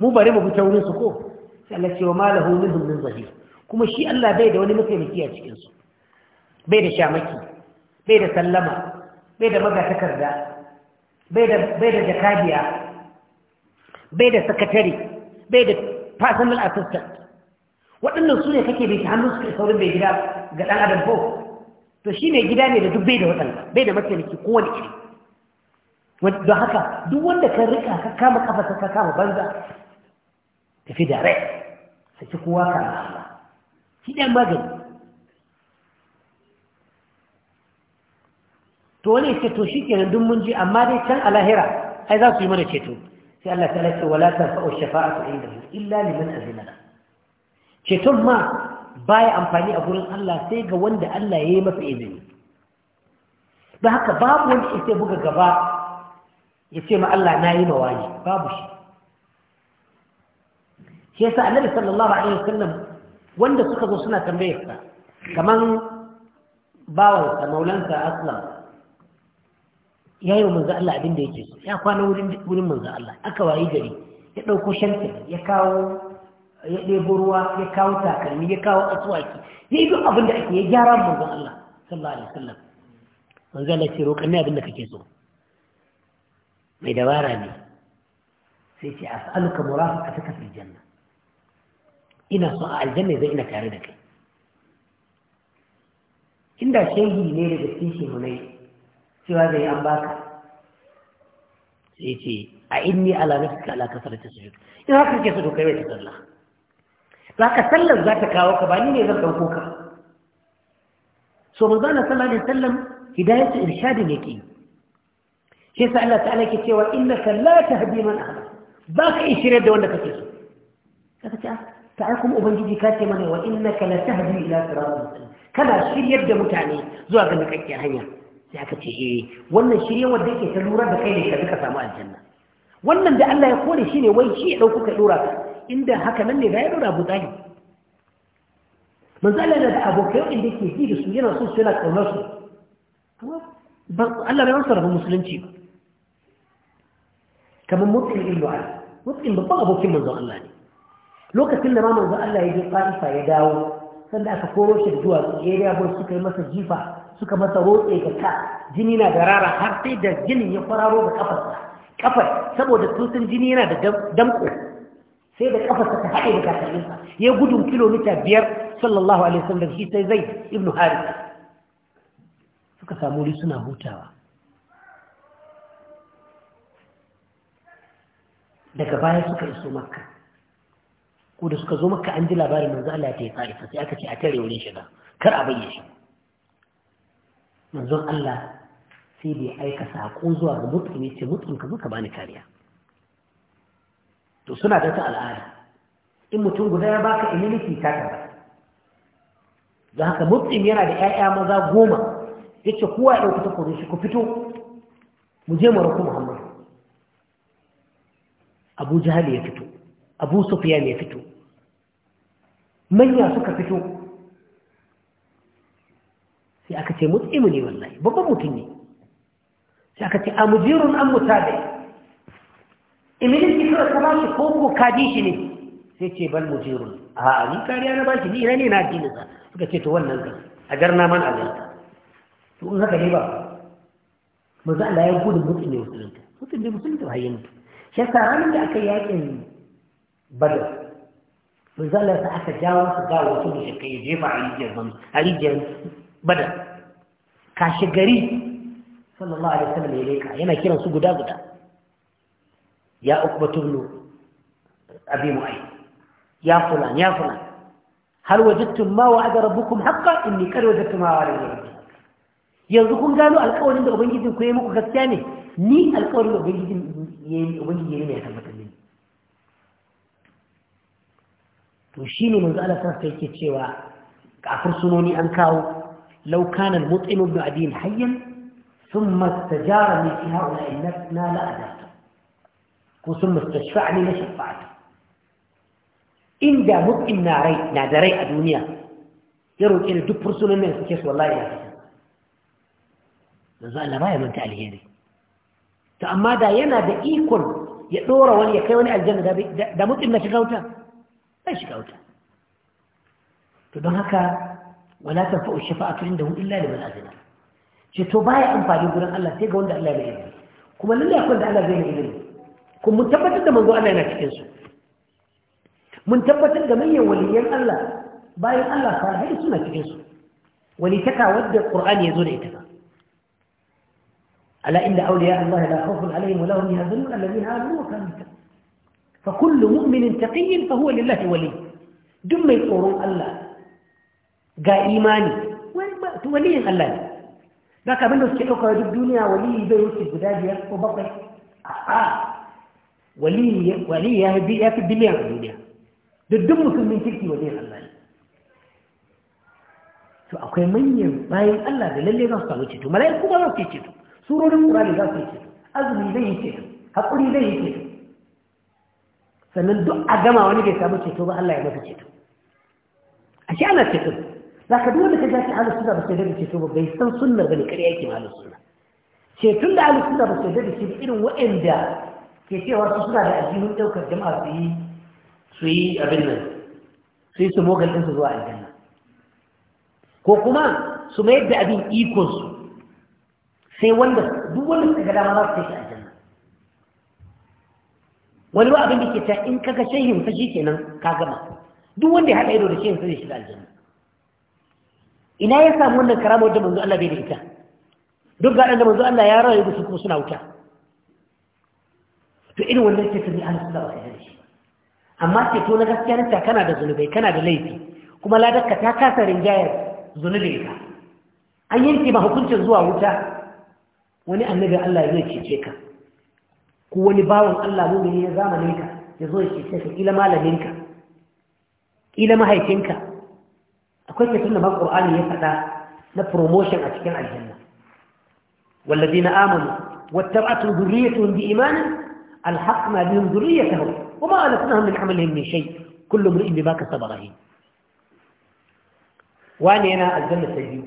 mu bari mu fita wurin su ko sai Allah ce wa ma lahu min min zahir kuma shi Allah bai da wani mataimaki a cikin su bai da shamaki bai da sallama bai da magatakarda bai da jakadiya bai da sakatari, bai da personal assistant waɗannan su ne kake bai hannun su saurin bai gida ga ɗan adam ko to shi ne gida ne da duk bai da waɗanda bai da mataimaki kowane iri don haka duk wanda ka rika ka kama kafasa ka kama banza tafi da rai saki kowa ka Allah shi ɗan magani to wani ce to shi kenan duk mun ji amma dai can a lahira ai za su yi mana ceto sai Allah ta lafi wala ta fa'o shafa'atu inda hu illa man azina ceton ma baya amfani a gurin Allah sai ga wanda Allah ya yi masa izini da haka babu wanda ya buga gaba ya ce ma Allah na yi mawani babu shi shi yasa annabi sallallahu alaihi wasallam wanda suka zo suna tambayar sa kaman bawansa maulansa aslam ya yi wa manzan Allah abin da yake so ya kwana wurin wurin Allah aka wayi gari ya ɗauko shantin ya kawo ya ɗebo ruwa ya kawo takalmi ya kawo asuwaki ya yi duk abin da ake ya gyara manzan Allah sallallahu alaihi wasallam manzan Allah ce roƙa ne abin da kake so mai dabara ne sai ce as'aluka murafaqataka fil janna ina so a aljanna zai ina tare da kai inda shehi ne daga cikin munai. cewa zai yi an baka sai ce a inni ala nafsika ala kasarata sujud in haka kake so to kai mai sallah Ba ka sallar za ta kawo ka ba ni ne zan dauko ka so manzo Allah sallallahu alaihi wasallam hidayatu irshadin yake shi yasa Allah ta'ala ke cewa innaka la tahdi man ahbabta ba ka ishirar da wanda kake so kaka ce ah, ta kuma ubangiji ka ce mana wa innaka la tahdi ila siratal mustaqim kana shiryar da mutane zuwa ga makakkiyar hanya sai aka ce eh wannan shiryawar da yake ta lura da kai ne ka duka samu aljanna wannan da Allah ya kore shi ne wai shi ya dauko ka dora ka inda haka nan ne da ya dora Abu Talib manzo Allah da abokai inda yake ji da su yana so su yana kaunar su ba Allah bai masa rabu musulunci ba kamar mutsin ibn Lu'ay mutsin babban abokin manzo Allah ne lokacin da ma manzo Allah ya je Qa'ifa ya dawo sanda aka koro shi da duwatsu ya yi abin suka yi masa jifa suka masa rotse ga ka jini na da rara har sai da jini ya kwararo da kafarsa kafar saboda tutun jini yana da damko sai da kafarsa ta haɗe da kakarninsa ya gudun kilomita biyar sallallahu alaihi wasallam shi sai zai ibnu harith suka samu wuri suna hutawa daga baya suka iso makka ko da suka zo makka an ji labarin manzo Allah ya tafi sai aka ce a tare wurin shiga kar a bayyana manzon Allah sai da ya aika saƙo zuwa ga mutum ya ce mutum ka zuka bani kariya to suna da ta al'ada in mutum guda ya baka immunity ta ba Da haka mutum yana da ƴaƴa maza goma yace kowa ya ɗauki takwarin shi ku fito mu je mu raku Muhammad Abu Jahal ya fito Abu Sufyan ya fito manya suka fito sai aka ce mu ne wallahi babban mutum ne sai aka ce amujirun an mutabe imilin kifar ka ba shi ko ko kaji shi ne sai ce bal mujirun a ni kariya na bashi ni ina ne na addinin sa suka ce to wannan ka a garna man a to in haka ne ba manzo Allah ya gudu mutum ne musulunta mutum ne musulunta ba yanzu shi yasa ranar da aka yakin badar manzo Allah sa aka jawo su ga wasu da shi kai jefa a rijiyar bada kashi gari sallallahu alaihi wasallam ya leka yana kiran su guda guda ya ukbatu ibn abi mu'ayyid ya fulan ya fulan hal wajadtum ma wa'ada rabbukum haqqan inni qad wajadtu ma wa'ada rabbukum yanzu kun gano alƙawarin da ubangijin ku yi muku gaskiya ne ni alƙawarin da ubangijin yayi ubangiji ne ya tabbata ni to shine manzo Allah sai yake cewa kafir sunoni an kawo لو كان المطعم ابن عدي حيا ثم استجار من هؤلاء الناس لا أداته ثم استشفعني لشفعته إن دا مطعم ناري نادري الدنيا يرون إلى دو برسول الناس كيس والله يا حسن نزال ما يمنت عليه دي فأما دا ينا دا إيكون يدور ولي يكيوني الجنة دا, دا مطعم نشكوتا نشكوتا to don haka wala tanfa'u shafa'atu indahu illa liman azina ce to baya amfani gurin Allah sai ga wanda Allah ya yi kuma lalle akwai da Allah zai yi izini kuma mun tabbatar da manzo Allah yana cikin su mun tabbatar da manyan waliyan Allah bayan Allah salihai suna cikin su walitaka wadda Qur'ani ya zo da ita ألا إن أولياء الله لا خوف عليهم ولا هم يهزمون الذين آمنوا وكانوا فكل مؤمن تقي فهو wali. Duk mai يقولون Allah. ga imani waliyin Allah ne za ka abinda suke ɗauka duk duniya waliyi bai wuce guda biyar ko bakwai a waliyi ya fi biliyan a duniya duk duk musulmin kirki waliyin Allah ne to akwai manyan bayan Allah da lalle za su samu ceto malayi kuma za su ceto surorin ne za su ceto azumi zai yi ceto haƙuri zai yi ceto sannan duk a gama wani bai samu ceto ba Allah ya masa ceto shi ana ceto za ka wanda ka ja ki ahlus sunna ba sai da ceto ba bai san sunna bane kare yake ma ahlus sunna ceton da ahlus sunna ba sai da shi irin waɗanda ke cewa su suna da addinin daukar jama'a su yi su yi abin nan su yi su mogal ɗinsu zuwa aljanna ko kuma su mayar da abin ikonsu sai wanda duk wanda suka ga dama za su tashi aljanna wani ba abin da ke ta in kaga shehin fashi kenan ka gama duk wanda ya haɗa ido da shehin sai ya shiga aljanna ina ya samu wannan karama wadda manzo Allah bai da ita duk ga da manzo Allah ya rayu su kuma suna wuta to irin wannan ce ta ni an sallah wa shi amma ce to na gaskiya ne ta kana da zunubai kana da laifi kuma ladarka ta kasa rinjayar zulubi ka an yanke ma hukuncin zuwa wuta wani annabi Allah ya cece ka ko wani bawan Allah mu ne ya zamanin ka ya zo ya cece ka ila malamin ka ila mahaifinka كيف سنة ما القرآن يفعل لا بروموشن أتكلم عن الجنة والذين آمنوا واتبعتهم ذريتهم بإيمان الحقنا بهم ذريتهم وما ألفناهم من عملهم من شيء كل امرئ بما كسب رهين واني انا الجنة سيديو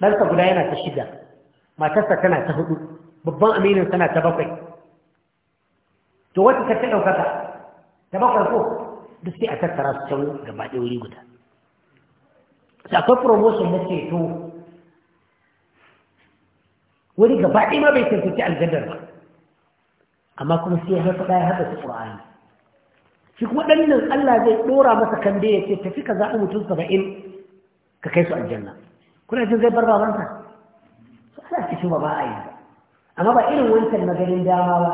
بل تقول لنا الشدة ما تسا كنا تهدو ببا أمين سنة تبقي تواتي كتلو كتا تبقى الفوق بس في أساس راس تشوي قبعد يولي قدر akwai promotion na ceto wani gaba ɗima bai cancanci aljannar ba amma kuma sai ya faɗa ya haɗa su ƙwa'ani shi kuma ɗan nan Allah zai ɗora masa kande ya ce tafi ka zaɓi mutum saba'in ka kai su aljanna kuna jin zai bar babansa su ana cikin ba ba a yi amma ba irin wancan maganin dama ba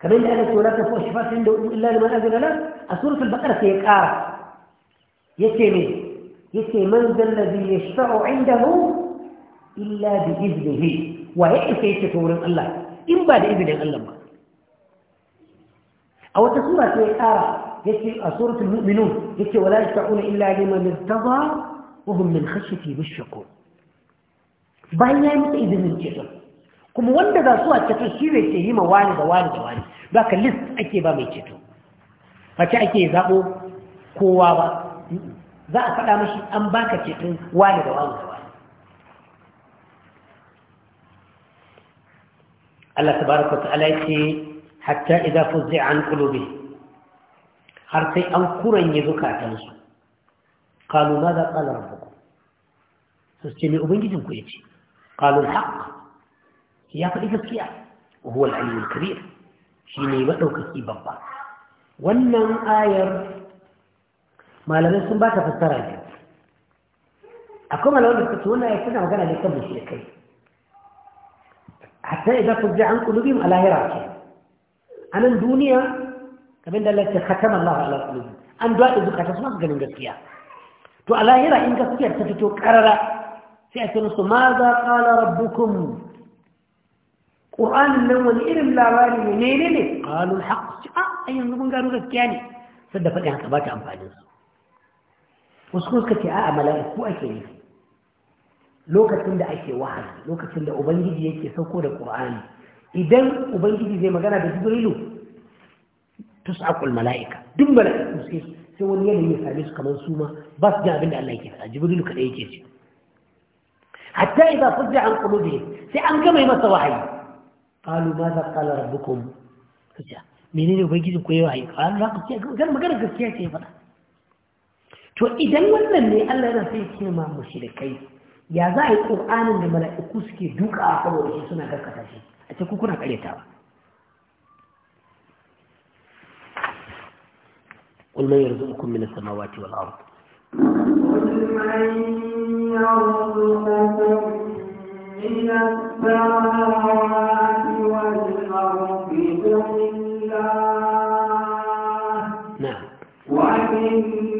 kamar da aka tsora ta fashe fasin da illa liman azina nan a suratul baqara sai ya ƙara yace ne yake man zallabi ya inda indahu illa da iznihi wa ya isa yake ta wurin Allah in ba da izinin Allah ba a wata sura ta ya kara yake a suratul mu'minun yake wala yashfa'una illa liman irtada wa hum min khashyati bishqu bayan ya yi mutu izinin ceto kuma wanda za su a ceto shi ne ke yi ma wani da wani da wani ba ka list ake ba mai ceto ba ce ake zaɓo kowa ba za a faɗa mashi an baka cikin wani da wani Allah tabaraka wa ta'ala yace hatta idan fuzza an kulubi har sai an kuran kuranye zukatansu kalu ma za qala rabbukum su ce me ubangijin ku yace kalu alhaq ya faɗi gaskiya wa huwa al-aliyyul kabir shine madaukaki babba wannan ayar malamai sun baka fassara ne akwai malamai da suka ce wannan ayat tana magana ne kan kai hatta idan ku ji an qulubihim ala hiraki anan duniya kamar da Allah ya khatama Allah ala qulubihim an duwa da zukata suna ganin gaskiya to a lahira in gaskiyar ta fito karara sai a ce musu ma za qala rabbukum ƙur'anin nan wani irin labari ne ne ne ne ƙalul haƙƙi a yanzu mun gano gaskiya ne sadda faɗin haka ba ta amfaninsu wasu kuma suka ce a'a mala'iku ake yi lokacin da ake wahala lokacin da ubangiji yake sauko da qur'ani idan ubangiji zai magana da jibrilu tus'aqul mala'ika duk mala'iku sai sai wani yana ya sami su kamar su ma ba su ji abin da Allah yake faɗa jibrilu kada yake ce hatta idza fuzza an qulubi sai an gama masa wahayi qalu ma za qala rabbukum kace menene ubangiji ko yayi wahayi qalu za ku ce magana gaskiya ce faɗa to idan wannan ne Allah yana sai ce ma kai, ya za a yi ƙur'anin da mala'iku suke duka a saboda shi suna karkata shi a ce kuna karyatawa قل من ya من السماوات والأرض قل من يرزقكم من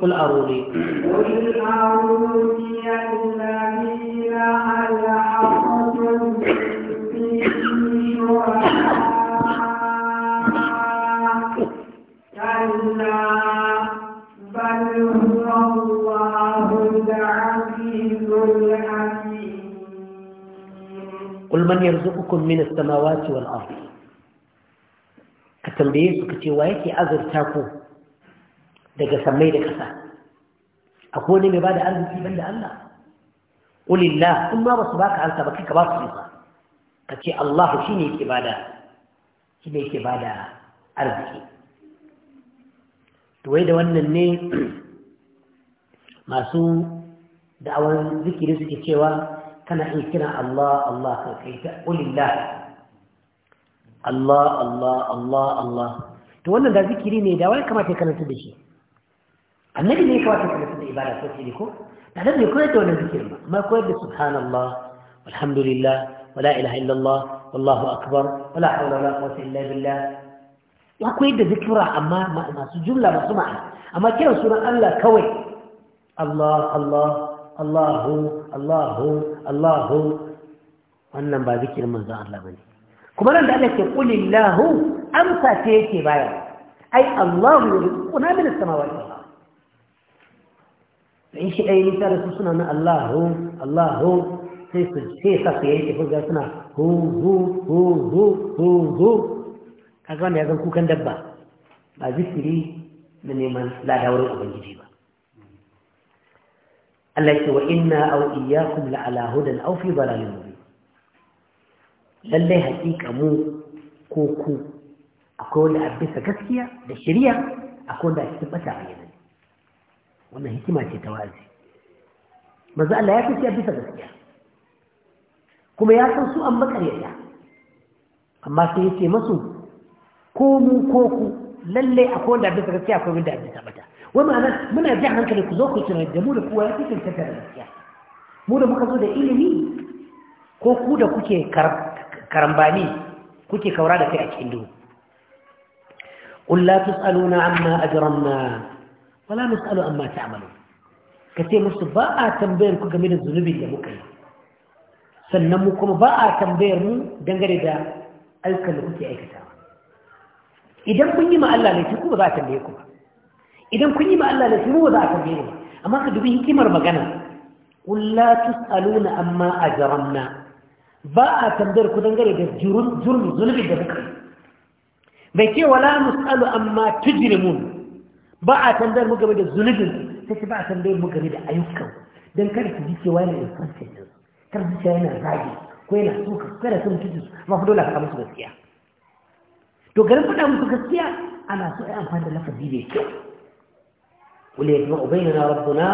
قل أروني قل بل هو الله العزيز الحكيم قل من يرزقكم من السماوات والأرض كتنبيه tambaye su ka ce daga sammai da ƙasa a wani mai ba da arziki ban da Allah ƙulillah in ma ba su baka ansa ba kai ka ba su nisa ka ce Allah shi ne yake bada shi ne yake bada arziki to wai da wannan ne masu da'awar zikiri suke cewa kana in kira Allah Allah kan kai ta ƙulillah Allah Allah Allah Allah to wannan da zikiri ne da wai kamata ya karanta da shi annabi ne ya kawai kuma da ibada ko ce ko da nan ne koyar da wani zikirin ba amma koyar da subhanallah walhamdulillah wala ilaha illallah wallahu akbar wala hawla wala quwwata illa billah ya koyar da zikira amma masu jumla masu ma'ana amma kiran sunan Allah kawai Allah Allah Allahu Allahu Allahu wannan ba zikirin manzon Allah bane kuma nan da Allah ke kulillahu amsa ce yake baya ai Allahu yuzquna min as-samawati فإن شيء أي مثال يخصنا أن الله هو الله هو في في سطحية يقول جالسنا هو هو هو هو هو هو كأن يعلم كو كان دبا ما زكري من يمن لا دور أبا يجيبا الله يسوى إنا أو إياكم لعلى هدى أو في ضلال مبين لله هكيك أمو كو كو أقول أبسا كسكيا للشريعة أقول أبسا كسكيا wannan hikima ce ta wa'azi manzo Allah ya kace bisa gaskiya kuma ya san su an makaryata amma sai yake masu ko mu ko ku lalle akwai wanda bisa gaskiya akwai wanda bisa bata wai ma'ana muna jin hankali ku zo ku tunani da mu da kowa ya kace ta gaskiya mu da muka zo da ilimi ko ku da kuke karambani kuke kaura da kai a cikin duhu قل لا تسألون عما أجرمنا wala nusalu amma ta'malu kace musu ba a tambayar ku game da zunubin da muka yi sannan kuma ba a tambayar mu dangane da aikan da kuke idan kun yi ma Allah laifi ku ba za a tambaye ku ba idan kun yi ma Allah laifi mu ba za a tambaye ku amma ka dubi hikimar magana qul la tusaluna amma ajramna ba a tambayar ku dangane da bai ce amma ba a tambayar mu game da zunubin sai ba a tambayar mu game da ayyukan don kada su ji cewa yana infantin din kar su cewa yana zagi ko yana suka kada su mutu su ma fi dole faɗa musu gaskiya to garin faɗa musu gaskiya ana so ai amfani da lafazi mai kyau wala yajma'u bainana rabbuna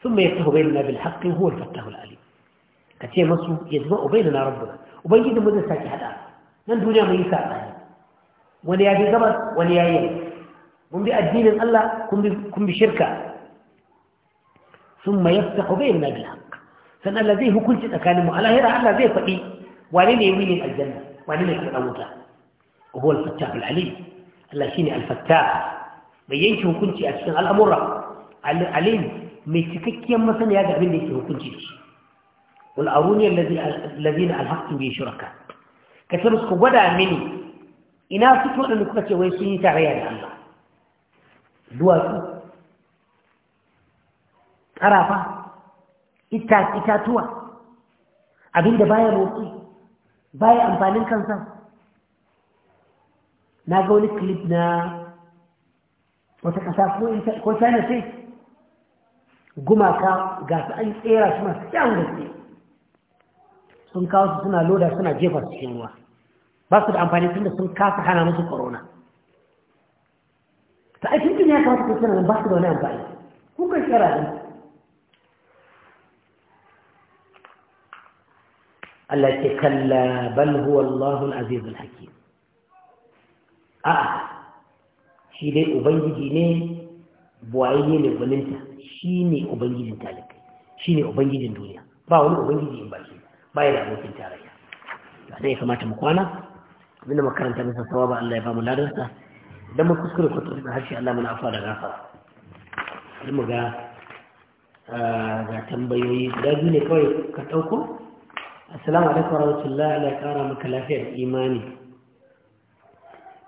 thumma yaftahu bainana bil haqqi huwa al fattahu al alim kace musu yajma'u bainana rabbuna ubangiji mu zai saki hada nan duniya mu yi saɓani wani ya je gabas wani ya yi Mun bi addinin Allah kun bi shirka sun ma yafta ku bayan nabi haka san Allah zai hukunci tsakaninmu a lahira Allah zai faɗi wani ne wilin aljanna wani ne kuma wuta huwa al-fattah al-alim Allah shine al-fattah Bai yanke hukunci a cikin al'amura al-alim mai cikakkiyar masaniya ga abin da yake hukunci da shi wal aruni allazina alhaqtu bi shuraka kace musu gwada mini ina su to da kuka ce wai sun yi tarayya da Allah duwatsu ƙarafa itatuwa abinda baya motsi baya amfanin kansa na ga wani clip na wata ƙasa ko china ce gumaka ga su an tsera su masu kyan gaske sun kawo su suna loda suna jefa cikin ruwa ba su da amfani tun da sun kasa hana musu corona ta aikin tun ya kamata ku sanar ba su da wani amfani ku shara ne Allah ke kalla bal huwa Allahu al-aziz al-hakim a'a shi dai ubangiji ne buwaye ne gwaninta shi ne ubangijin talibai shi ne ubangijin duniya ba wani ubangiji in ba shi ba ya da abokin tarayya ba zai ya kamata mu kwana abinda makaranta bisa sawa ba Allah ya ba mu ladarsa da ma kuskure kuskure da harshe Allah mana afa da gafa. sai mu ga ah, ga tambayoyi guda biyu ne kawai ka ɗauko assalamu alaikum warahmatullahi Allah kara maka lafiyar imani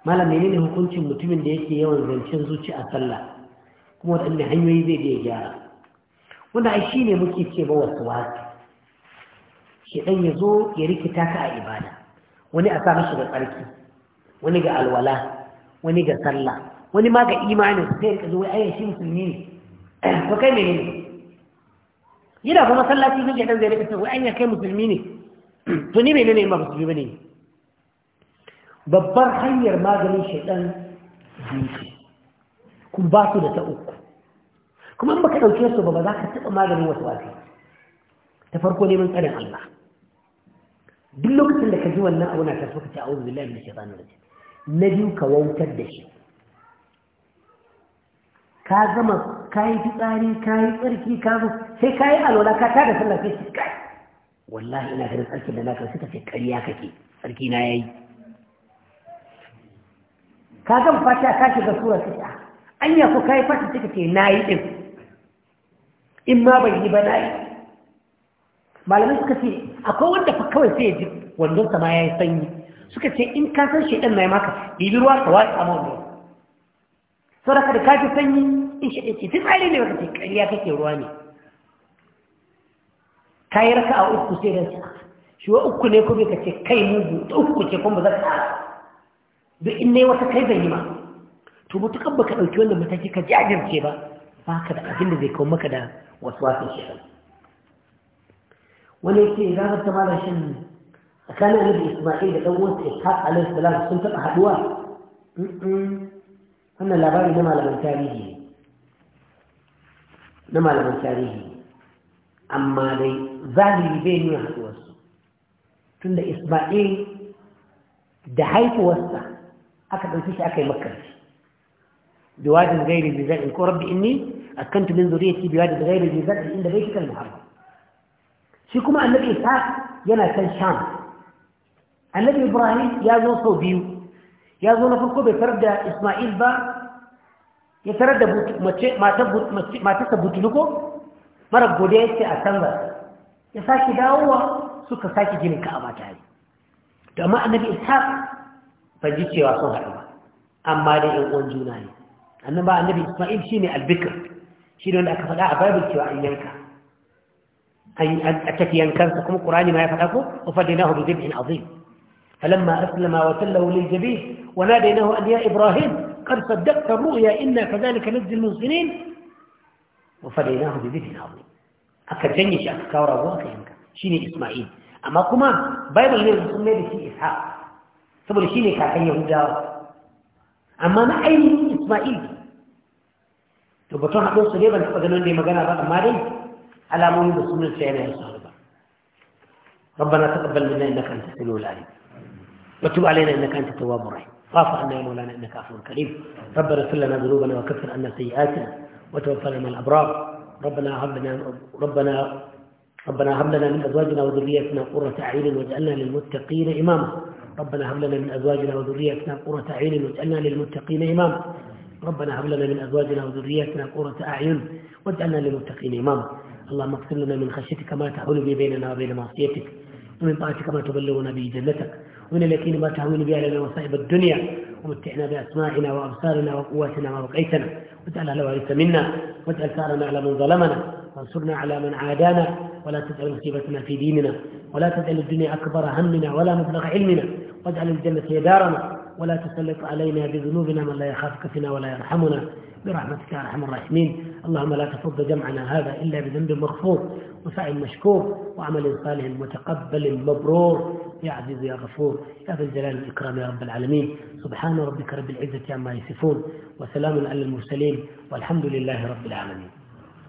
malam ne hukuncin mutumin da yake yawan zancen zuci a sallah kuma waɗanne hanyoyi zai da gyara wanda ai shi ne muke ce ba wasu wasu shedan ya zo ya rikita ka a ibada wani a sa mashi da tsarki wani ga alwala wani ga sallah wani ma ga imanin sai ka zo ai shi musulmi ne ko kai menene yana kuma masallaci ne ke dan zai rika cewa ai kai musulmi ne to ni menene ma ba musulmi bane babbar hanyar maganin shaytan zuci kun ba su da ta uku kuma in baka dauke su ba ba za ka taba maganin wasu wasu ta farko neman tsarin Allah duk lokacin da ka ji wannan abu na ta ka ce a'udhu billahi minash shaitanir rajim na biyu ka wautar da shi ka zama ka yi fitsari ka yi tsarki ka zo sai ka yi alwala ka tada sallah sai shi kai wallahi ina ganin tsarkin da na kai suka ce ƙarya kake tsarki na yayi ka gama fata ka shiga sura sai anya ko yi fata suka ce na yi ɗin, in ma ban yi ba yi malamai suka ce akwai wanda fa kawai sai ya ji wandonsa ma ya yi sanyi suka ce in ka san shi na yi maka bibirwa ruwa ka a ma ruwa sau da ka da kafin sanyi in shi ɗin ce fitsari ne wata ce kake ruwa ne ka yi raka a uku sai don shi wa uku ne kuma ka ce kai mugu ta uku ce kuma za ka sa'a in ne wata kai zan yi ma to kan baka ɗauki wanda mataki ka jajirce ba ba ka da abin da zai kawo maka da wasu wasan shi wani ce ranar ta malashin tsakanin annabi isma'il da ɗan uwansa ishaq alaihi salam sun taɓa haɗuwa wannan labari na malaman tarihi na malaman tarihi amma dai zahiri bai nuna haɗuwarsu tunda isma'il da haifuwarsa aka ɗauki shi aka yi makarci biwadin gairi bi zai ko rabbi inni akantu min zuriyati biwadin gairi bi zai inda bai kika muharram shi kuma annabi isa yana kan sham النبي إبراهيم يازو صوبيو يازو نفرقو بفرد إسماعيل با يترد ما تثبت لكو مرق بوديس أسنغا يساكي داوة سكا ساكي جيني كأما تاري دوما النبي إسحاق فجيتي واسو هرما أما لي أقوان جوناني أنما النبي إسماعيل شيني البكر شيني أنك فلا عباب التواء إليك أي أتكي ينكرتكم القرآن ما يفتاكم وفديناه بذبح عظيم فلما أسلم وتله للجبيه وناديناه أن يا إبراهيم قد صدقت الرؤيا إنا كذلك نزل المنسنين وفليناه بذيه العظيم أكد جنيش أفكار الواقعي شيني إسماعيل أما كما بايضا لنزل في إسحاق سبول شيني كاكي يهودا أما ما أي إسماعيل تبطون حدوث سليبا فقدنون دي مغانا بقى مالي على مهم بسم الله سيئنا يا ربنا تقبل منا إنك أنت سلو العالم وتب علينا إنك أنت التواب الرحيم خاف عنا يا مولانا إنك عفو كريم ربنا اغفر لنا ذنوبنا وكفر عنا سيئاتنا وتوفنا مع الأبرار ربنا هب لنا ربنا ربنا هب لنا من أزواجنا وذريتنا قرة أعين واجعلنا للمتقين إماما ربنا هب لنا من أزواجنا وذريتنا قرة أعين واجعلنا للمتقين إماما ربنا هب لنا من أزواجنا وذريتنا قرة أعين واجعلنا للمتقين إماما اللهم اغفر لنا من خشيتك ما تحول بيننا وبين معصيتك ومن طاعتك ما تبلغنا به جنتك من اليقين ما تهون به علينا مصائب الدنيا ومتعنا بأسماعنا وأبصارنا وقواتنا ورقيتنا بقيتنا واجعل أهل وارث منا واجعل ثارنا على من ظلمنا وانصرنا على من عادانا ولا تجعل مصيبتنا في ديننا ولا تجعل الدنيا أكبر همنا ولا مبلغ علمنا واجعل الجنة هي دارنا ولا تسلط علينا بذنوبنا من لا يخافك فينا ولا يرحمنا برحمتك يا ارحم الراحمين اللهم لا تفض جمعنا هذا إلا بذنب مغفور وسعي مشكور وعمل صالح متقبل مبرور يا عزيز يا غفور يا ذا الجلال والإكرام يا رب العالمين سبحان ربك رب العزة عما يصفون وسلام على المرسلين والحمد لله رب العالمين